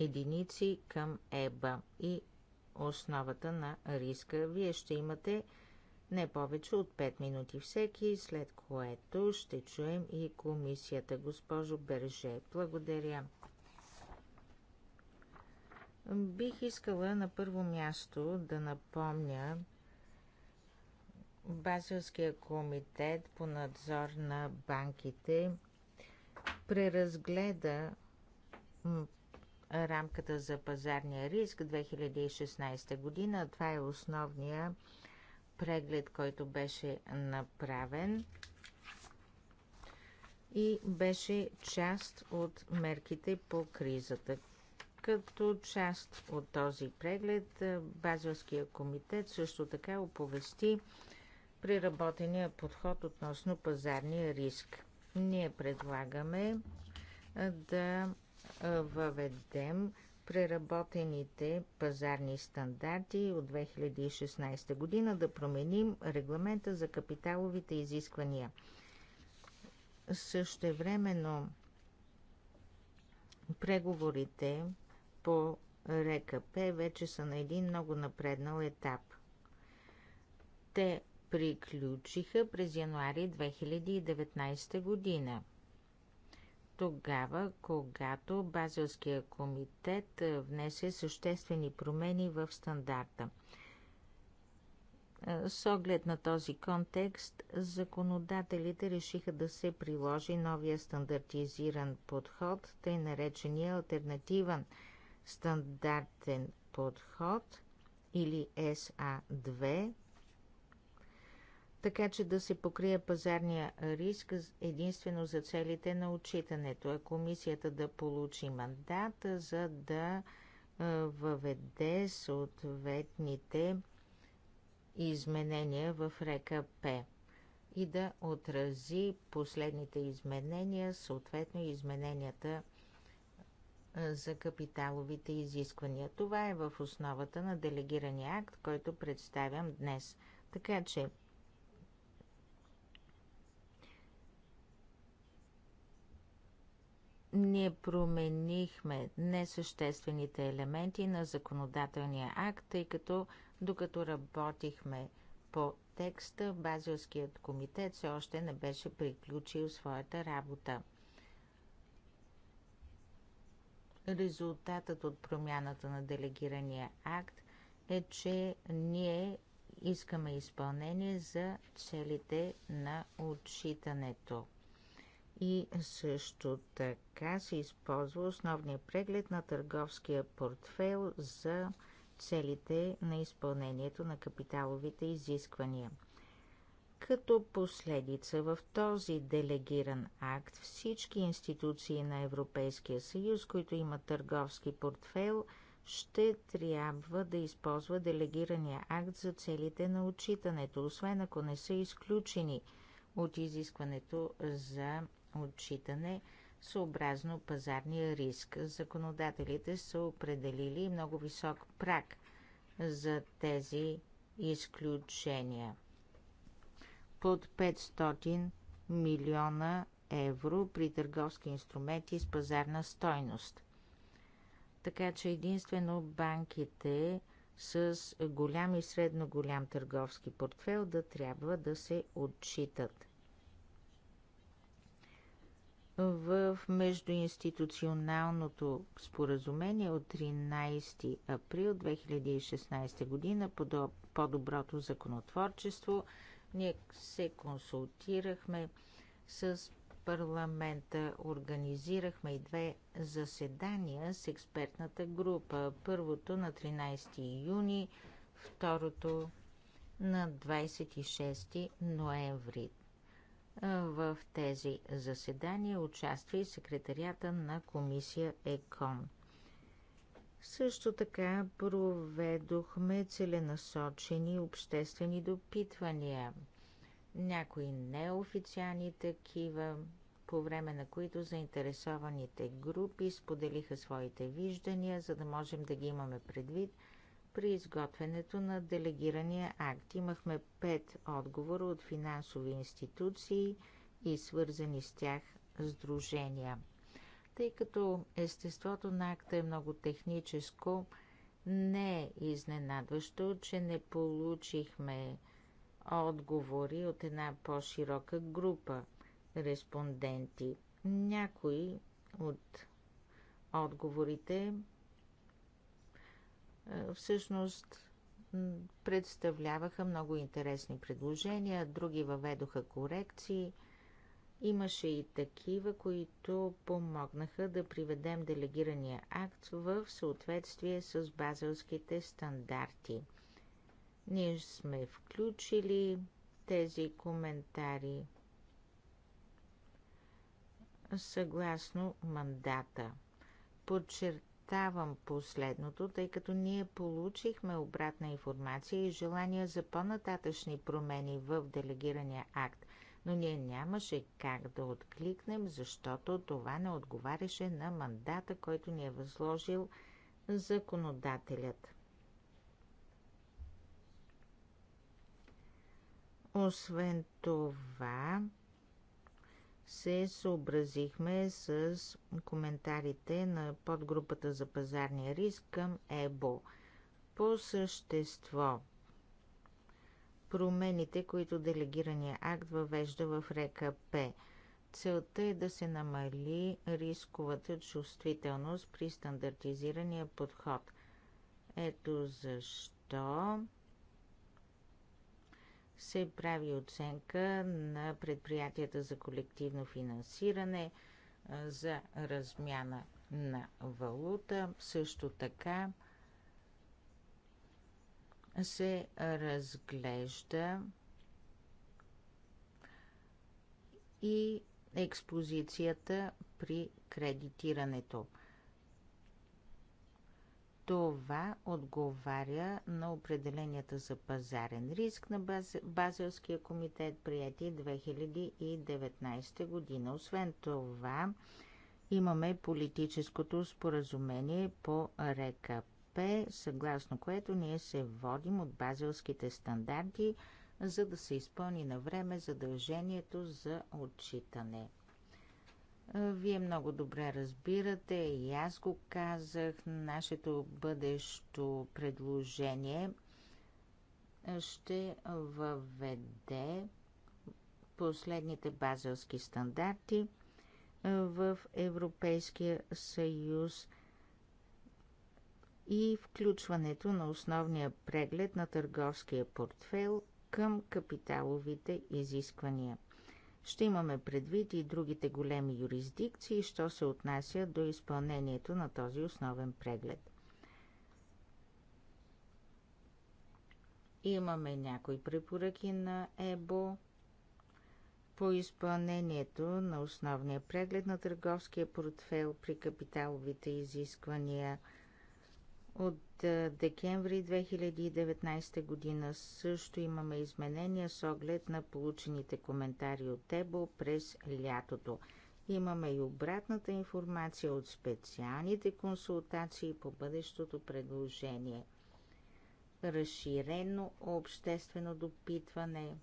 единици към ЕБА и основата на риска. Вие ще имате не повече от 5 минути всеки, след което ще чуем и комисията. Госпожо Берже, благодаря. Бих искала на първо място да напомня Базилския комитет по надзор на банките преразгледа рамката за пазарния риск 2016 година. Това е основния преглед, който беше направен и беше част от мерките по кризата. Като част от този преглед, Базелския комитет също така оповести преработения подход относно пазарния риск. Ние предлагаме да въведем преработените пазарни стандарти от 2016 година да променим регламента за капиталовите изисквания. времено преговорите по РКП вече са на един много напреднал етап. Те приключиха през януари 2019 година. Тогава, когато Базелския комитет внесе съществени промени в стандарта. С оглед на този контекст, законодателите решиха да се приложи новия стандартизиран подход, тъй наречения альтернативен подход стандартен подход или SA2, така че да се покрие пазарния риск единствено за целите на отчитането, а комисията да получи мандата, за да въведе съответните изменения в река П и да отрази последните изменения, съответно измененията за капиталовите изисквания. Това е в основата на делегирания акт, който представям днес. Така че ние променихме несъществените елементи на законодателния акт, тъй като докато работихме по текста, Базилският комитет все още не беше приключил своята работа. резултатът от промяната на делегирания акт е, че ние искаме изпълнение за целите на отчитането. И също така се използва основния преглед на търговския портфел за целите на изпълнението на капиталовите изисквания – като последица в този делегиран акт всички институции на Европейския съюз, които имат търговски портфейл, ще трябва да използва делегирания акт за целите на отчитането, освен ако не са изключени от изискването за отчитане съобразно пазарния риск. Законодателите са определили много висок прак за тези изключения под 500 милиона евро при търговски инструменти с пазарна стойност. Така че единствено банките с голям и средно голям търговски портфел да трябва да се отчитат. В междуинституционалното споразумение от 13 април 2016 година по доброто законотворчество – ние се консултирахме с парламента, организирахме и две заседания с експертната група. Първото на 13 юни, второто на 26 ноември. В тези заседания участва и секретарията на комисия ЕКОН. Също така проведохме целенасочени обществени допитвания, някои неофициални такива, по време на които заинтересованите групи споделиха своите виждания, за да можем да ги имаме предвид при изготвянето на делегирания акт. Имахме пет отговора от финансови институции и свързани с тях сдружения – тъй като естеството на акта е много техническо, не е изненадващо, че не получихме отговори от една по-широка група респонденти. Някои от отговорите е, всъщност представляваха много интересни предложения, други въведоха корекции – Имаше и такива, които помогнаха да приведем делегирания акт в съответствие с базелските стандарти. Ние сме включили тези коментари съгласно мандата. Подчертавам последното, тъй като ние получихме обратна информация и желания за по-нататъчни промени в делегирания акт но ние нямаше как да откликнем, защото това не отговаряше на мандата, който ни е възложил законодателят. Освен това, се съобразихме с коментарите на подгрупата за пазарния риск към ЕБО. По същество – промените, които делегирания акт въвежда в река П. Целта е да се намали рисковата чувствителност при стандартизирания подход. Ето защо се прави оценка на предприятията за колективно финансиране, за размяна на валута. Също така се разглежда и експозицията при кредитирането. Това отговаря на определенията за пазарен риск на Базелския комитет, прияти 2019 година. Освен това, имаме политическото споразумение по РКП ОСП, е съгласно което ние се водим от базилските стандарти, за да се изпълни на време задължението за отчитане. Е, вие много добре разбирате, и аз го казах, нашето бъдещо предложение ще въведе последните базилски стандарти е, в Европейския съюз и включването на основния преглед на търговския портфел към капиталовите изисквания. Ще имаме предвид и другите големи юрисдикции, що се отнася до изпълнението на този основен преглед. Имаме някои препоръки на ЕБО по изпълнението на основния преглед на търговския портфел при капиталовите изисквания – от декември 2019 година също имаме изменения с оглед на получените коментари от Тебо през лятото. Имаме и обратната информация от специалните консултации по бъдещото предложение. Разширено обществено допитване.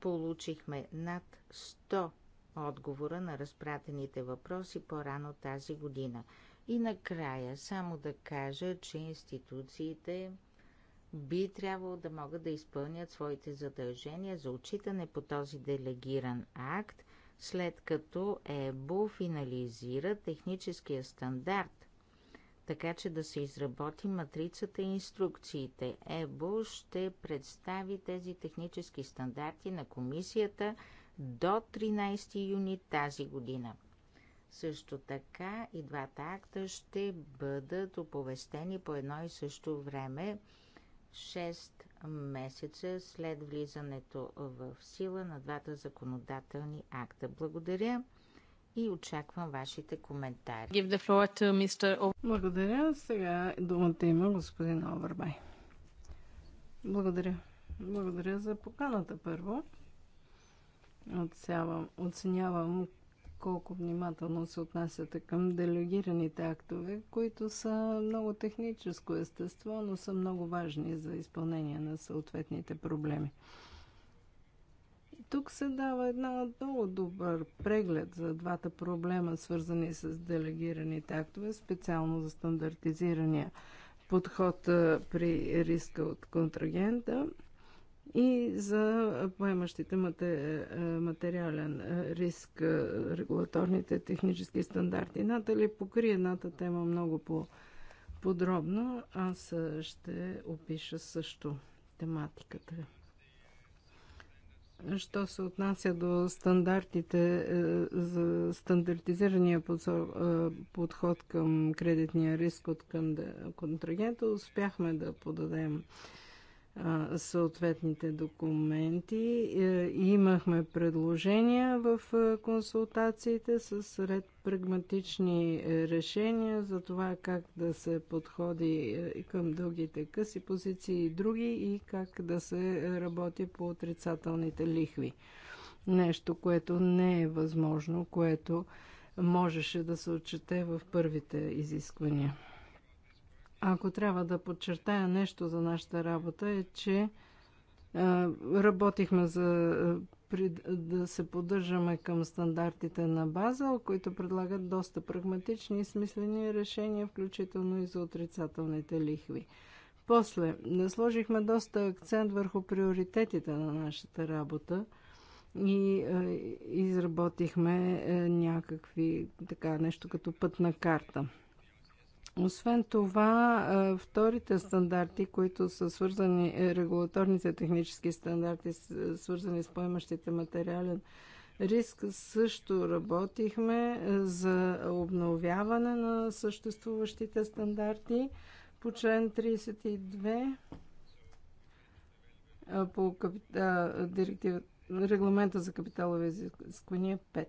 Получихме над 100 отговора на разпратените въпроси по-рано тази година. И накрая, само да кажа, че институциите би трябвало да могат да изпълнят своите задължения за отчитане по този делегиран акт, след като ЕБО финализира техническия стандарт, така че да се изработи матрицата и инструкциите. ЕБО ще представи тези технически стандарти на комисията до 13 юни тази година. Също така и двата акта ще бъдат оповестени по едно и също време 6 месеца след влизането в сила на двата законодателни акта. Благодаря и очаквам вашите коментари. Благодаря. Сега думата има господин Овербай. Благодаря. Благодаря за поканата първо. оценявам колко внимателно се отнасяте към делегираните актове, които са много техническо естество, но са много важни за изпълнение на съответните проблеми. Тук се дава една много добър преглед за двата проблема, свързани с делегираните актове, специално за стандартизирания подход при риска от контрагента и за поемащите е, материален е, риск е, регулаторните технически стандарти. Натали покри едната тема много по-подробно. Аз ще опиша също тематиката. Що се отнася до стандартите за стандартизирания подход към кредитния риск от към контрагента, успяхме да подадем съответните документи. Е, имахме предложения в консултациите с ред прагматични е, решения за това как да се подходи е, към дългите къси позиции и други и как да се работи по отрицателните лихви. Нещо, което не е възможно, което можеше да се отчете в първите изисквания. Ако трябва да подчертая нещо за нашата работа е, че е, работихме за е, да се поддържаме към стандартите на база, които предлагат доста прагматични и смислени решения, включително и за отрицателните лихви. После, насложихме доста акцент върху приоритетите на нашата работа и е, изработихме някакви, така, нещо като пътна карта – освен това, вторите стандарти, които са свързани, е, регулаторните технически стандарти, е, свързани с поемащите материален риск, също работихме е, за обновяване на съществуващите стандарти по член 32 по капита, директива, регламента за капиталови изисквания 5.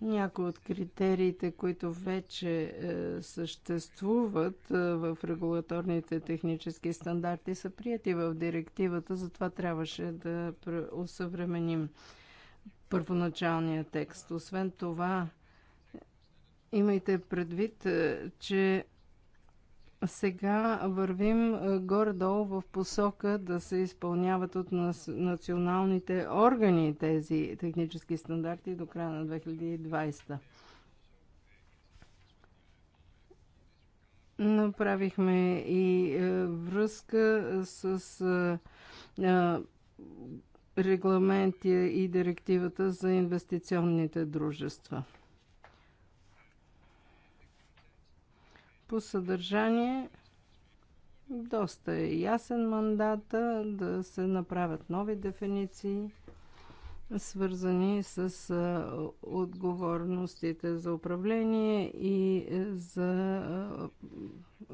Някои от критериите, които вече е, съществуват е, в регулаторните технически стандарти, са прияти в директивата, затова трябваше да усъвременим първоначалния текст. Освен това, имайте предвид, е, че сега вървим горе-долу в посока да се изпълняват от националните органи тези технически стандарти до края на 2020. Направихме и е, връзка с е, е, регламенти и директивата за инвестиционните дружества. По съдържание доста е ясен мандата да се направят нови дефиниции, свързани с отговорностите за управление и е, за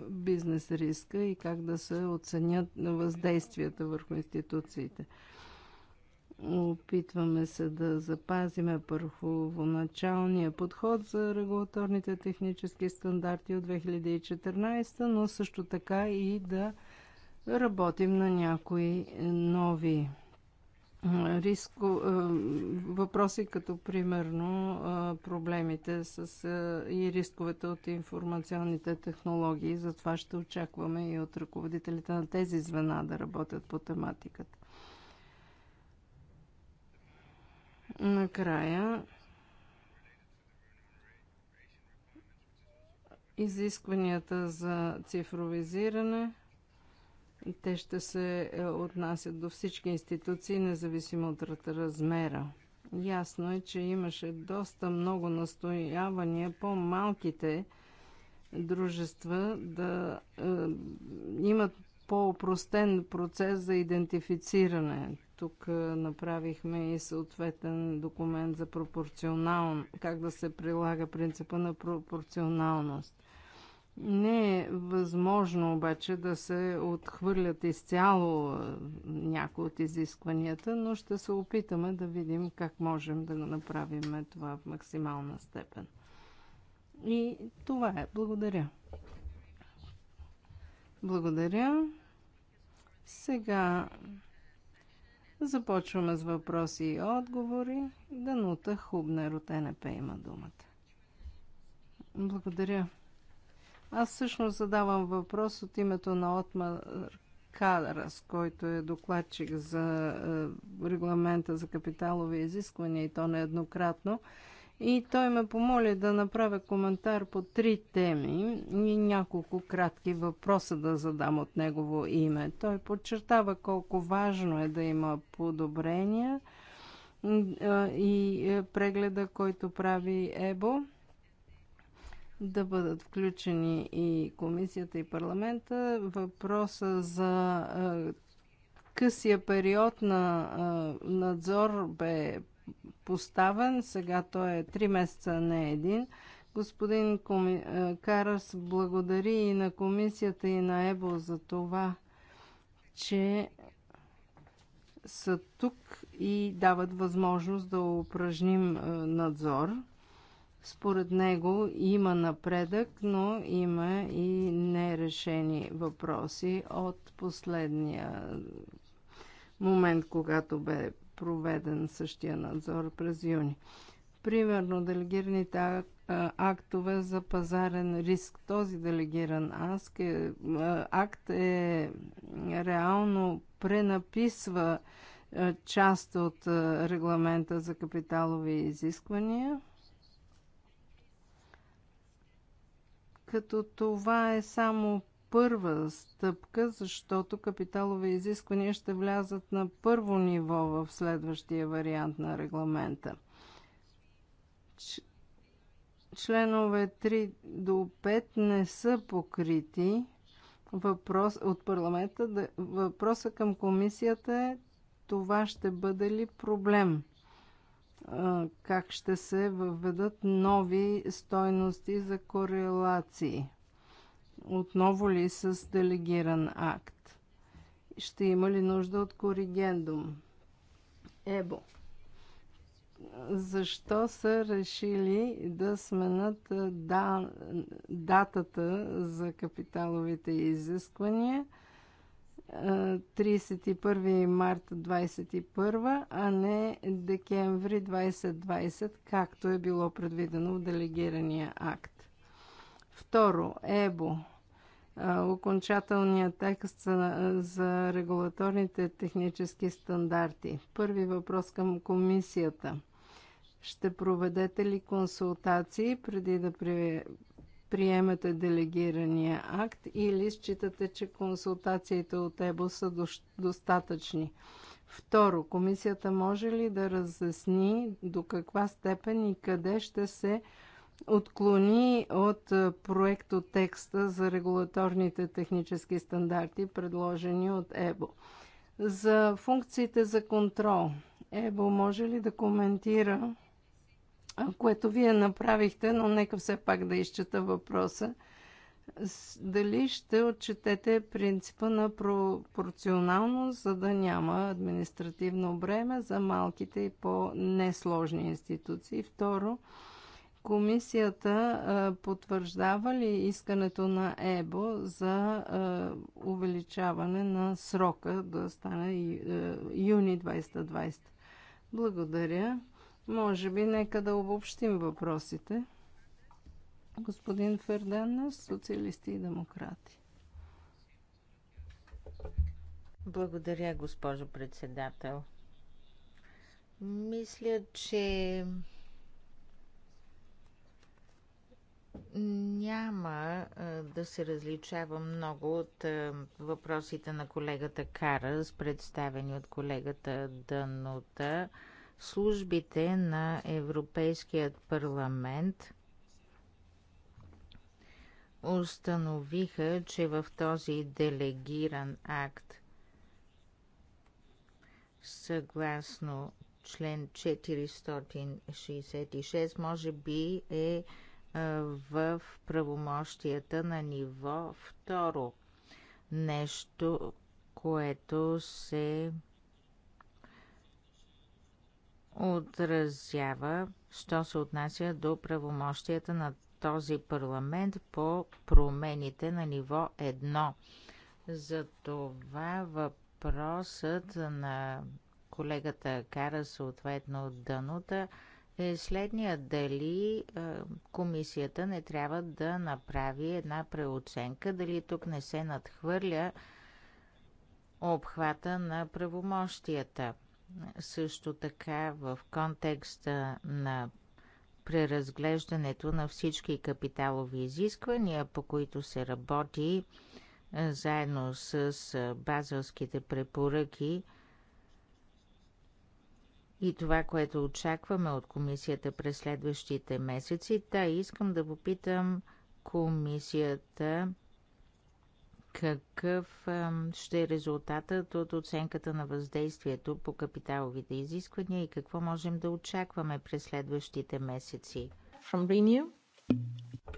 бизнес риска и как да се оценят въздействията върху институциите. Опитваме се да запазиме първоначалния подход за регулаторните технически стандарти от 2014, но също така и да работим на някои нови риско, е, въпроси, като примерно е, проблемите с, е, и рисковете от информационните технологии. Затова ще очакваме и от ръководителите на тези звена да работят по тематиката. Накрая изискванията за цифровизиране те ще се е, отнасят до всички институции, независимо от размера. Ясно е, че имаше доста много настоявания по-малките дружества да е, имат по-опростен процес за идентифициране. Тук направихме и съответен документ за пропорционално, как да се прилага принципа на пропорционалност. Не е възможно обаче да се отхвърлят изцяло някои от изискванията, но ще се опитаме да видим как можем да го направим това в максимална степен. И това е. Благодаря. Благодаря. Сега Започваме с въпроси и отговори. Данута Хубнер от НП има думата. Благодаря. Аз всъщност задавам въпрос от името на Отмар Кадрас, който е докладчик за е, регламента за капиталови изисквания и то нееднократно и той ме помоли да направя коментар по три теми и няколко кратки въпроса да задам от негово име. Той подчертава колко важно е да има подобрения и е, прегледа, който прави ЕБО да бъдат включени и комисията и парламента. Въпроса за късия период на надзор бе поставен. Сега той е 3 месеца, не един. Господин Коми... Е, Карас благодари и на комисията и на ЕБО за това, че са тук и дават възможност да упражним е, надзор. Според него има напредък, но има и нерешени въпроси от последния момент, когато бе проведен същия надзор през юни. Примерно делегираните актове за пазарен риск. Този делегиран е, акт е, реално пренаписва част от регламента за капиталови изисквания. Като това е само първа стъпка, защото капиталови изисквания ще влязат на първо ниво в следващия вариант на регламента. Членове 3 до 5 не са покрити. Въпрос от парламента, въпроса към комисията е това ще бъде ли проблем? Как ще се въведат нови стойности за корелации? Отново ли с делегиран акт? Ще има ли нужда от коригендум? Ебо. Защо са решили да сменят да, датата за капиталовите изисквания 31 март 2021, а не декември 2020, както е било предвидено в делегирания акт? Второ, ЕБО. Окончателният текст за регулаторните технически стандарти. Първи въпрос към комисията. Ще проведете ли консултации преди да приемете делегирания акт или считате, че консултациите от ЕБО са достатъчни? Второ, комисията може ли да разясни до каква степен и къде ще се отклони от проекто текста за регулаторните технически стандарти, предложени от ЕБО. За функциите за контрол, ЕБО може ли да коментира, което вие направихте, но нека все пак да изчета въпроса, дали ще отчетете принципа на пропорционалност, за да няма административно бреме за малките и по-несложни институции? Второ, Комисията потвърждава ли искането на ЕБО за увеличаване на срока да стане юни 2020? Благодаря. Може би нека да обобщим въпросите. Господин Фердана, социалисти и демократи. Благодаря, госпожо председател. Мисля, че няма да се различава много от въпросите на колегата Карас, представени от колегата Данута. Службите на Европейският парламент установиха, че в този делегиран акт съгласно член 466 може би е в правомощията на ниво второ. Нещо, което се отразява, що се отнася до правомощията на този парламент по промените на ниво 1. това въпросът на колегата Кара съответно Данута – Следният следния. Дали е, комисията не трябва да направи една преоценка, дали тук не се надхвърля обхвата на правомощията. Също така в контекста на преразглеждането на всички капиталови изисквания, по които се работи е, заедно с е, базалските препоръки – и това, което очакваме от комисията през следващите месеци. Та искам да попитам комисията какъв ще е резултатът от оценката на въздействието по капиталовите изисквания и какво можем да очакваме през следващите месеци? From Renew.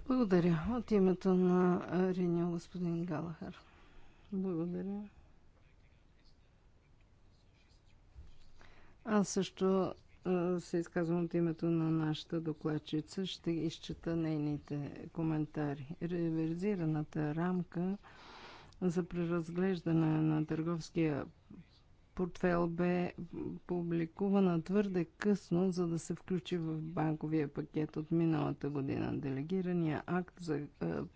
Благодаря. От името на Renew, господин Галахар. Благодаря. Аз също се изказвам от името на нашата докладчица. Ще изчета нейните коментари. Реверзираната рамка за преразглеждане на търговския портфел бе публикувана твърде късно, за да се включи в банковия пакет от миналата година. Делегирания акт за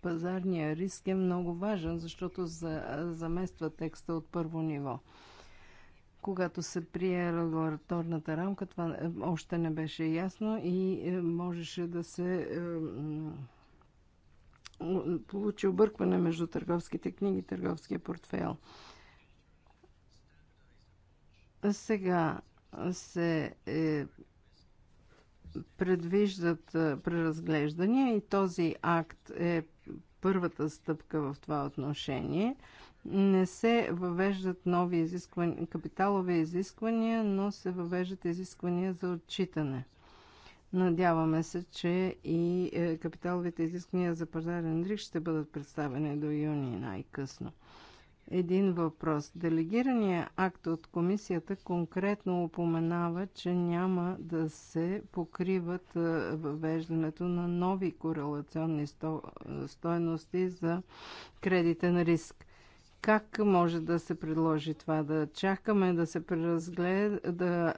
пазарния риск е много важен, защото за, замества текста от първо ниво. Когато се прие регулаторната рамка, това е, още не беше ясно и е, можеше да се получи объркване между търговските книги и търговския портфейл. Сега се е, предвиждат преразглеждания и този акт е първата стъпка в това отношение – не се въвеждат нови изисквания, капиталови изисквания, но се въвеждат изисквания за отчитане. Надяваме се, че и е, капиталовите изисквания за пазарен риск ще бъдат представени до юни най-късно. Един въпрос. Делегирания акт от комисията конкретно упоменава, че няма да се покриват е, въвеждането на нови корелационни сто... Е, стойности за кредитен риск. Как може да се предложи това? Да чакаме да се преразгледа да,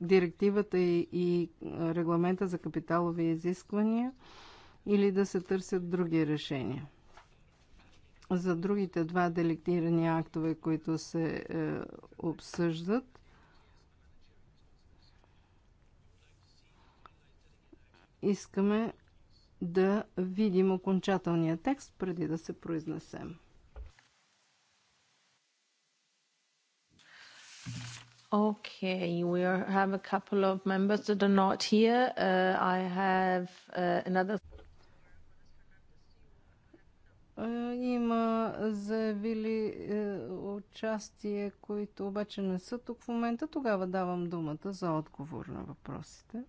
директивата и, и регламента за капиталови изисквания или да се търсят други решения? За другите два делектирани актове, които се е, обсъждат, искаме да видим окончателния текст преди да се произнесем. Okay, we are, have a couple of members that are not here. Uh, I have uh, another. Има заявили е, участие, които обаче не са тук в момента. Тогава давам думата за отговор на въпросите.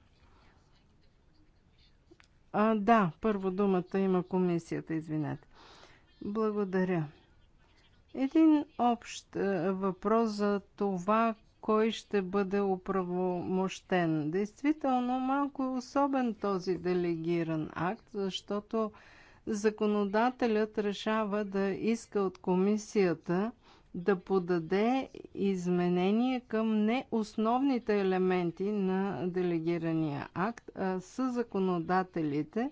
А, да, първо думата има комисията, извинете. Благодаря. Един общ е, въпрос за това кой ще бъде оправомощен. Действително малко е особен този делегиран акт, защото законодателят решава да иска от комисията да подаде изменение към не основните елементи на делегирания акт, а с законодателите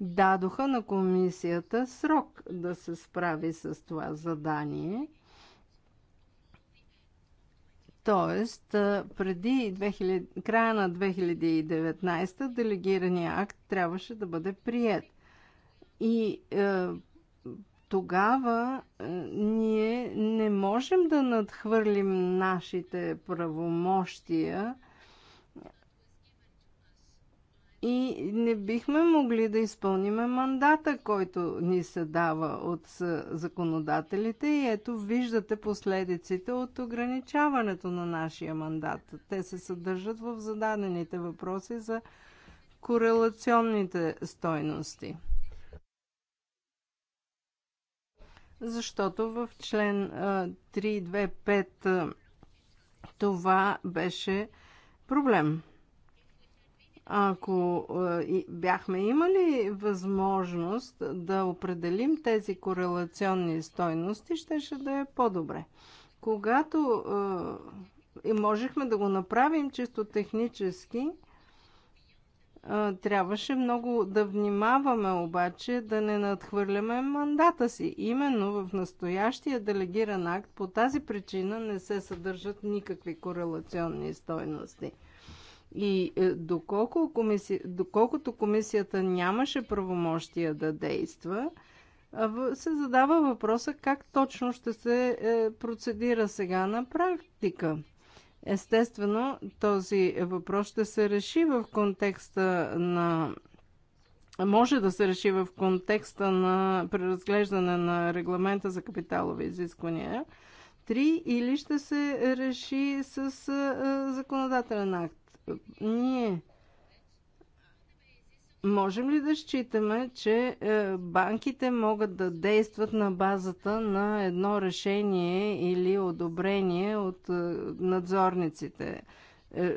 дадоха на комисията срок да се справи с това задание – Тоест, преди 2000, края на 2019 делегирания акт трябваше да бъде прият. И е, тогава е, ние не можем да надхвърлим нашите правомощия и не бихме могли да изпълниме мандата, който ни се дава от законодателите и ето виждате последиците от ограничаването на нашия мандат. Те се съдържат в зададените въпроси за корелационните стойности. Защото в член 325 това беше проблем. Ако е, бяхме имали възможност да определим тези корелационни стойности, щеше да е по-добре. Когато е, и можехме да го направим чисто технически, е, трябваше много да внимаваме обаче да не надхвърляме мандата си. Именно в настоящия делегиран акт по тази причина не се съдържат никакви корелационни стойности – и е, доколко комисия, доколкото комисията нямаше правомощия да действа, се задава въпроса как точно ще се е, процедира сега на практика. Естествено, този въпрос ще се реши в контекста на. Може да се реши в контекста на преразглеждане на регламента за капиталови изисквания три или ще се реши с е, законодателен акт ние можем ли да считаме, че е, банките могат да действат на базата на едно решение или одобрение от е, надзорниците? Е,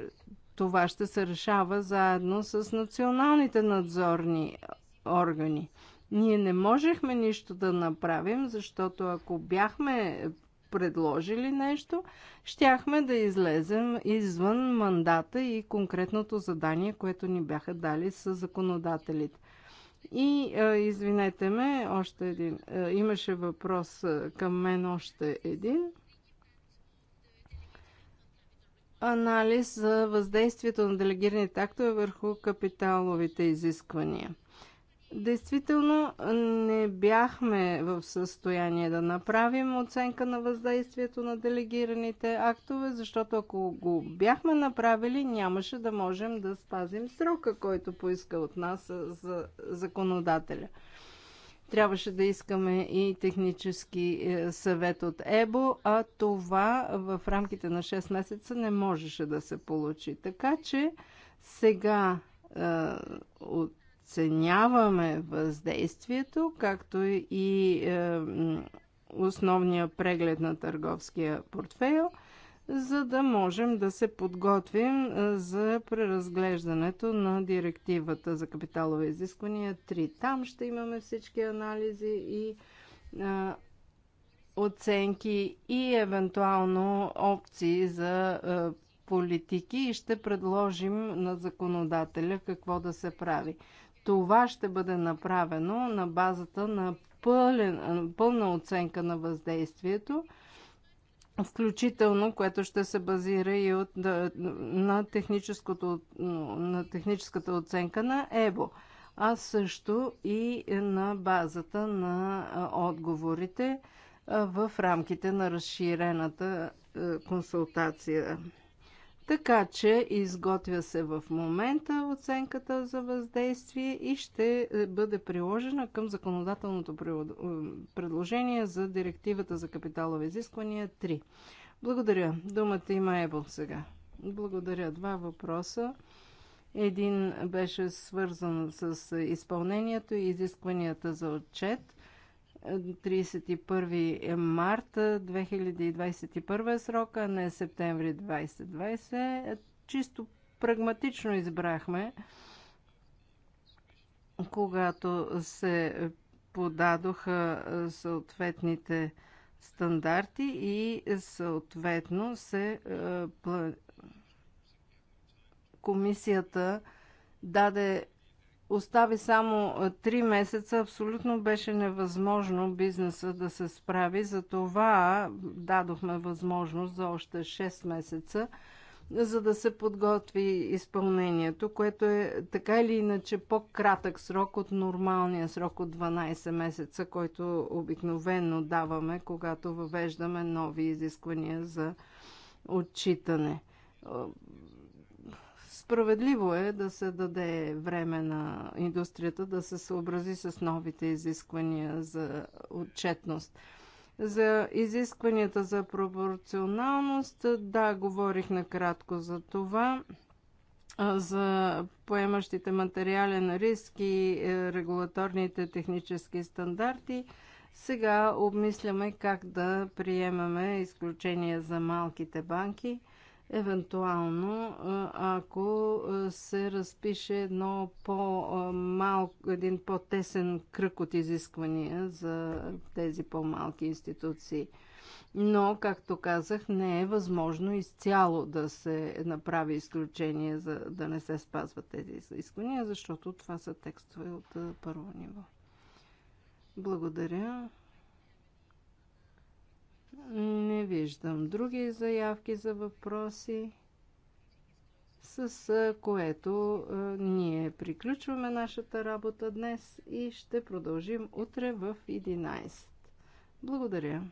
това ще се решава заедно с националните надзорни органи. Ние не можехме нищо да направим, защото ако бяхме предложили нещо, щяхме да излезем извън мандата и конкретното задание, което ни бяха дали с законодателите. И извинете ме, още един. Имаше въпрос към мен още един. Анализ за въздействието на делегираните актове върху капиталовите изисквания – Действително не бяхме в състояние да направим оценка на въздействието на делегираните актове, защото ако го бяхме направили, нямаше да можем да спазим срока, който поиска от нас за законодателя. Трябваше да искаме и технически е, съвет от ЕБО, а това в рамките на 6 месеца не можеше да се получи. Така че сега е, от оценяваме въздействието, както и е, основния преглед на търговския портфейл, за да можем да се подготвим е, за преразглеждането на директивата за капиталови изисквания 3. Там ще имаме всички анализи и е, оценки и евентуално опции за е, политики и ще предложим на законодателя какво да се прави. Това ще бъде направено на базата на пълен, пълна оценка на въздействието, включително, което ще се базира и от, на, техническото, на техническата оценка на ЕБО, а също и на базата на отговорите в рамките на разширената консултация. Така че изготвя се в момента оценката за въздействие и ще е, бъде приложена към законодателното е, предложение за директивата за капиталови изисквания 3. Благодаря. Думата има Ево сега. Благодаря. Два въпроса. Един беше свързан с изпълнението и изискванията за отчет. 31 март 2021 срока, срока, не септември 2020. Чисто прагматично избрахме, когато се подадоха съответните стандарти и съответно се е, комисията даде остави само 3 е, месеца, абсолютно беше невъзможно бизнеса да се справи. Затова дадохме възможност за още 6 месеца, за да се подготви изпълнението, което е така или иначе по-кратък срок от нормалния срок от 12 месеца, който обикновенно даваме, когато въвеждаме нови изисквания за отчитане Справедливо е да се даде време на индустрията да се съобрази с новите изисквания за отчетност. За изискванията за пропорционалност, да, говорих накратко за това. За поемащите материален риск и е, регулаторните технически стандарти. Сега обмисляме как да приемаме изключения за малките банки Евентуално, ако се разпише едно по-малко, един по-тесен кръг от изисквания за тези по-малки институции. Но, както казах, не е възможно изцяло да се направи изключение за да не се спазват тези изисквания, защото това са текстове от първо ниво. Благодаря. Не виждам други заявки за въпроси, с което ние приключваме нашата работа днес и ще продължим утре в 11. Благодаря.